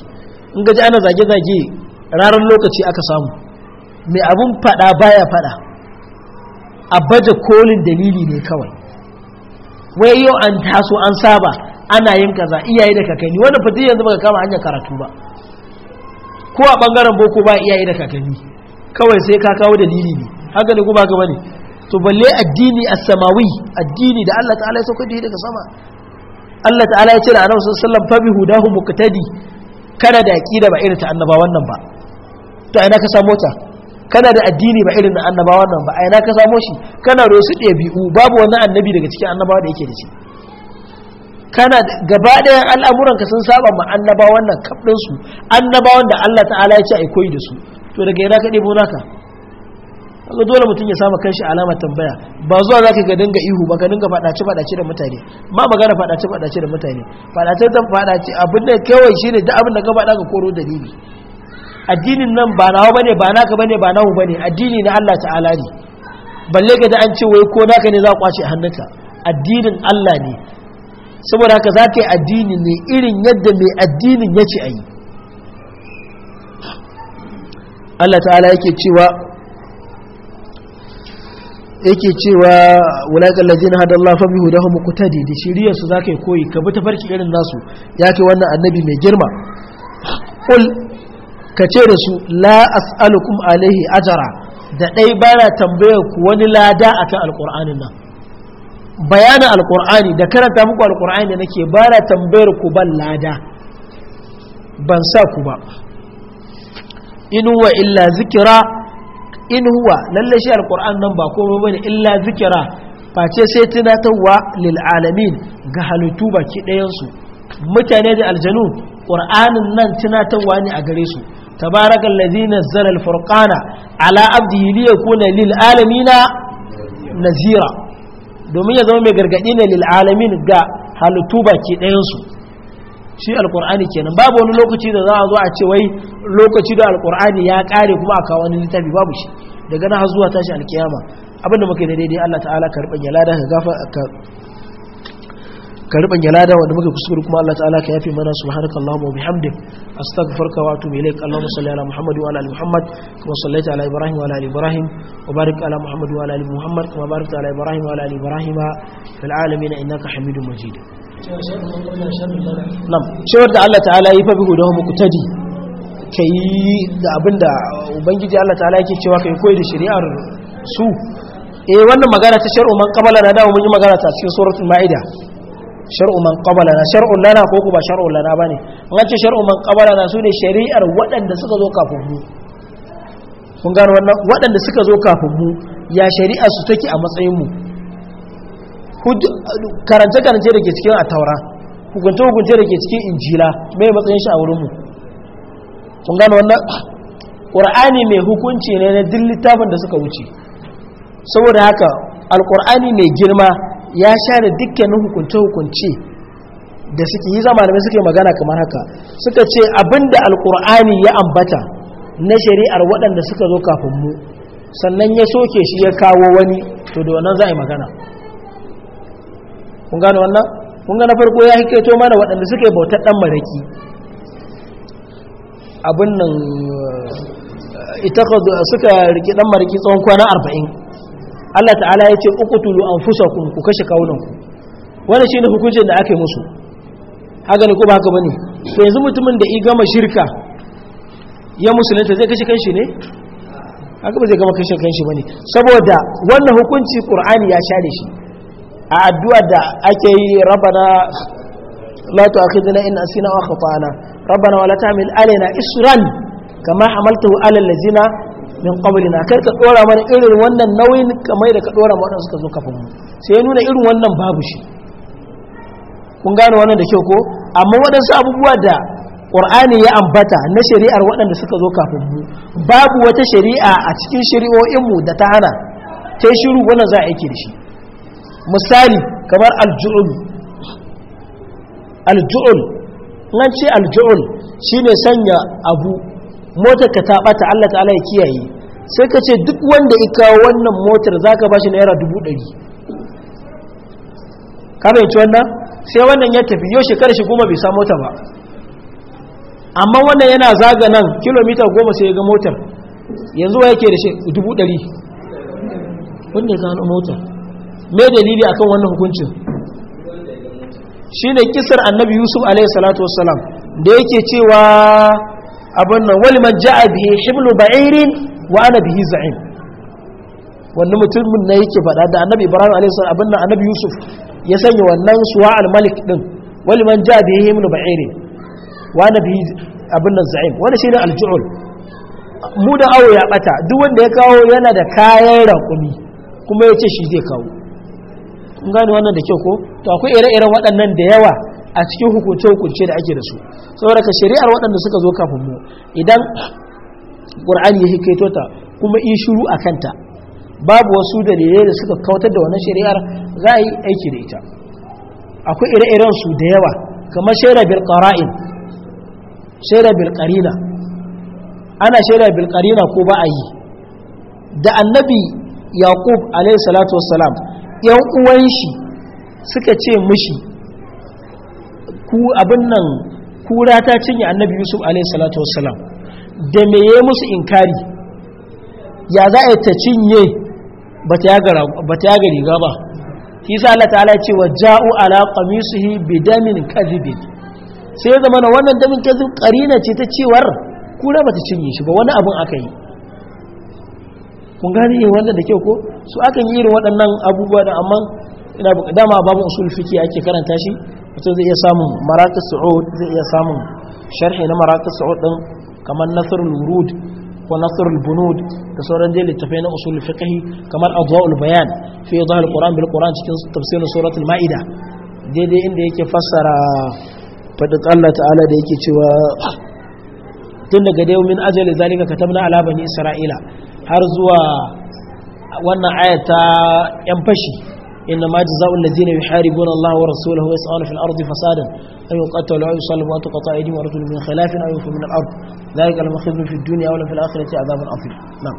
in gaji ana zage-zage ranar lokaci aka samu mai abin fada baya fada a baje kolin dalili ne kawai wai yau an taso an saba ana yin kaza iyaye da kakanni wanda fati yanzu baka kama hanyar karatu ba ko a bangaren boko ba iyaye da kakanni kawai sai ka kawo dalili ne haka ne kuma gaba ne to balle addini as-samawi addini da Allah ta'ala ya sauka da daga sama Allah ta'ala ya ce da annabi sallallahu alaihi wasallam fa bi hudahu muqtadi kana da aqida ba irin ta annaba wannan ba to na ka samu ta kana da addini ba irin na annabawan nan ba a na ka samo shi kana da wasu ɗabi'u babu wani annabi daga cikin annabawa da yake da shi kana gaba ɗayan al'amuran ka sun saba ma annabawan nan kaf su annabawan da Allah ta'ala ya ce ai koyi da su to daga ina ka ɗebo naka kaga dole mutum ya samu kanshi alama tambaya ba zuwa zaka ga dinga ihu ba ka dinga fadace fadace da mutane ma magana fadace fadace da mutane fadace ta fadace abin da kawai shine duk abin da ka fada ka koro dalili addinin nan ba nawa bane ba naka bane ba nawo bane addini na Allah ta'ala ne balle ga da an ce wai ko naka ne za ku kwace hannunka addinin Allah ne saboda haka za ka yi addini ne irin yadda mai addinin ya ce a yi Allah ta'ala yake cewa yake cewa wulaƙar lajin hada Allah fa bihu hamu kutadi da su za ka yi koyi ka bi ta farki irin nasu ya ce wannan annabi mai girma ƙul ka ce da su la as'alukum alaihi ajara da ɗai ba na tambayar ku wani lada a kan alƙur'anin nan bayanin alƙur'ani da karanta muku alƙur'ani da nake ba na tambayar ku ban lada ban sa ku ba inuwa illa zikira in huwa lalle shi alquran nan ba komai bane illa zikira face sai tunatarwa lil alamin ga halittu baki ɗayansu. su mutane da aljanu qur'anin nan tunatarwa ne a gare su tabarakal ladzi nazzala al furqana ala abdihi li na lil alamina nazira domin ya zama mai gargadi ne lil alamin ga halittu baki ɗayansu. su shi alkur'ani kenan babu wani lokaci da za a zo a ce wai lokaci da alkur'ani ya kare kuma a kawo wani littafi babu shi daga na zuwa tashi alkiyama abinda muka yi daidai Allah ta'ala ka riban yalada ka gafa ka ka riban yalada wanda muka kuskure kuma Allah ta'ala ka yafe mana subhanakallahu wa bihamdik astaghfiruka wa atubu ilaik Allahumma salli ala Muhammad wa ala Muhammad kama sallaita ala Ibrahim wa ala ali Ibrahim wa barik ala Muhammad wa ala ali Muhammad kama barakta ala Ibrahim wa ala ali Ibrahim fil alamin innaka Hamidum Majid nam cewar da Allah ta'ala yi fabi guda mu kutadi ka yi da abin da ubangiji Allah ta'ala yake cewa ka yi koyi da shari'ar su eh wannan magana ta shar'u man qabala na dawo mun yi magana ta cikin suratul ma'ida shar'u man qabala na shar'u lana ko ku ba shar'u lana bane an ce shar'u man qabala na su ne shari'ar waɗanda suka zo kafin mu kun gano wannan waɗanda suka zo kafin mu ya shari'a su take a matsayin mu karance-karance da ke cikin a taura hukunce-hukunce da ke cikin injila mai matsayin shi a wurinmu sun gano wannan ƙur'ani ah, mai hukunci ne na duk littafin da suka wuce saboda haka alƙur'ani mai girma ya share dukkanin hukunce-hukunce da suke yi zama da suke magana kamar haka suka ce abinda alƙur'ani ya ambata na shari'ar waɗanda suka zo kafin mu sannan ya soke shi ya kawo wani to da wannan za a yi magana kun gano wannan kun ga na farko ya to mana waɗanda suka yi bautar ɗan maraki abin nan eh, ita suka riƙe ɗan maraki tsawon kwana arba'in Allah ta'ala ya ce uku tulu an fusa ku, ku kashe kawunanku wani shi ne hukuncin da aka yi musu haka ne ko ba haka ba ne to yanzu mutumin da i gama shirka ya musulunta zai kashe kanshi ne haka ba zai gama kashe kanshi ba ne saboda wannan hukunci ƙur'ani ya share shi a addu'a da ake yi rabbana la tu'akhidna in asina wa khata'na rabana wa la ta'mil alaina isran kama hamaltahu ala allazina min qablina kai ka dora mana irin wannan nauyin kamar da ka dora mana suka zo kafin mu sai nuna irin wannan babu shi kun gane wannan da kyau ko amma waɗansu abubuwa da qur'ani ya ambata na shari'ar waɗanda suka zo kafin mu babu wata shari'a a cikin shari'o'inmu da ta hana ta shiru wannan za a aiki da shi misali kamar alju'ul alju'ul nan ce alju'ul ne sanya abu motar ka ta bata Allah ta'ala ya kiyaye sai ka ce duk wanda ya kawo wannan motar za ba bashi naira dubu ɗari ka ci wannan sai wannan ya tafi yau shekarar shi goma bai samu ta ba amma wannan yana zaga nan kilomita goma sai ya ga motar yanzu wa yake da shi dubu ɗari wanda ya gano motar me dalili akan wannan hukuncin shi ne kisar annabi yusuf alaihi salatu wasalam da yake cewa abin nan wal man ja'a bihi hiblu ba'irin wa ana biyi za'in. Wani mutumin na yake faɗa da annabi ibrahim alaihi salam abin nan annabi yusuf ya sanya wannan suwa al malik din wal man ja'a bihi hiblu ba'irin wa ana biyi abin nan za'in wani shine ne ju'ul mu da awo ya bata duk wanda ya kawo yana da kayan raƙumi kuma ya ce shi zai kawo in gane wannan da kyau ko to akwai ire-iren waɗannan da yawa a cikin hukunce-hukunce da ake da su saboda ka shari'ar waɗanda suka zo kafin mu idan ƙur'ani ya hikaito ta kuma in shiru a kanta babu wasu dalilai da suka kautar da wannan shari'ar za a yi aiki da ita akwai ire-iren su da yawa kamar shaida bil qara'in shaida bil qarina ana shaida bil qarina ko ba a yi da annabi yaqub alayhi salatu wassalam yan uwan shi suka ce mishi ku abin nan kura ta cinye annabi yusuf alaihi salatu wassalam da me ya musu inkari ya za a ta cinye ba ta yaga riga ba sa Allah ta'ala ce wa ja'u ala qamisihi bidamin kadhibin sai ya wannan damin kadhib qarina ce ta cewar kura ba ta cinye shi ba wani abin aka yi kun gane yin wannan da kyau ko su akan yi irin waɗannan abubuwa da amma ina dama babu usul fiki ake karanta shi mutum zai iya samun maraqis su'ud zai iya samun sharhi na maraqis su'ud din kamar nasrul wurud ko nasrul bunud da sauran dai littafai na usul fiqhi kamar adwaul bayan fi idhar alquran bil quran cikin tafsirin suratul maida daidai inda yake fassara fadin Allah ta'ala da yake cewa tun daga dai min ajali zalika katabna ala bani isra'ila har zuwa wannan ayata yan fashi inna ma jazaa'ul ladina yuharibuna Allah wa rasulahu wa yas'aluna fil ardi fasadan an yuqatalu aw yusallabu wa tuqata aydihim wa arjuluhum min khilafin aw yunfaw min al-ard dhalika al-makhzun fi ad-dunya wa fil akhirati 'adhabun 'azim na'am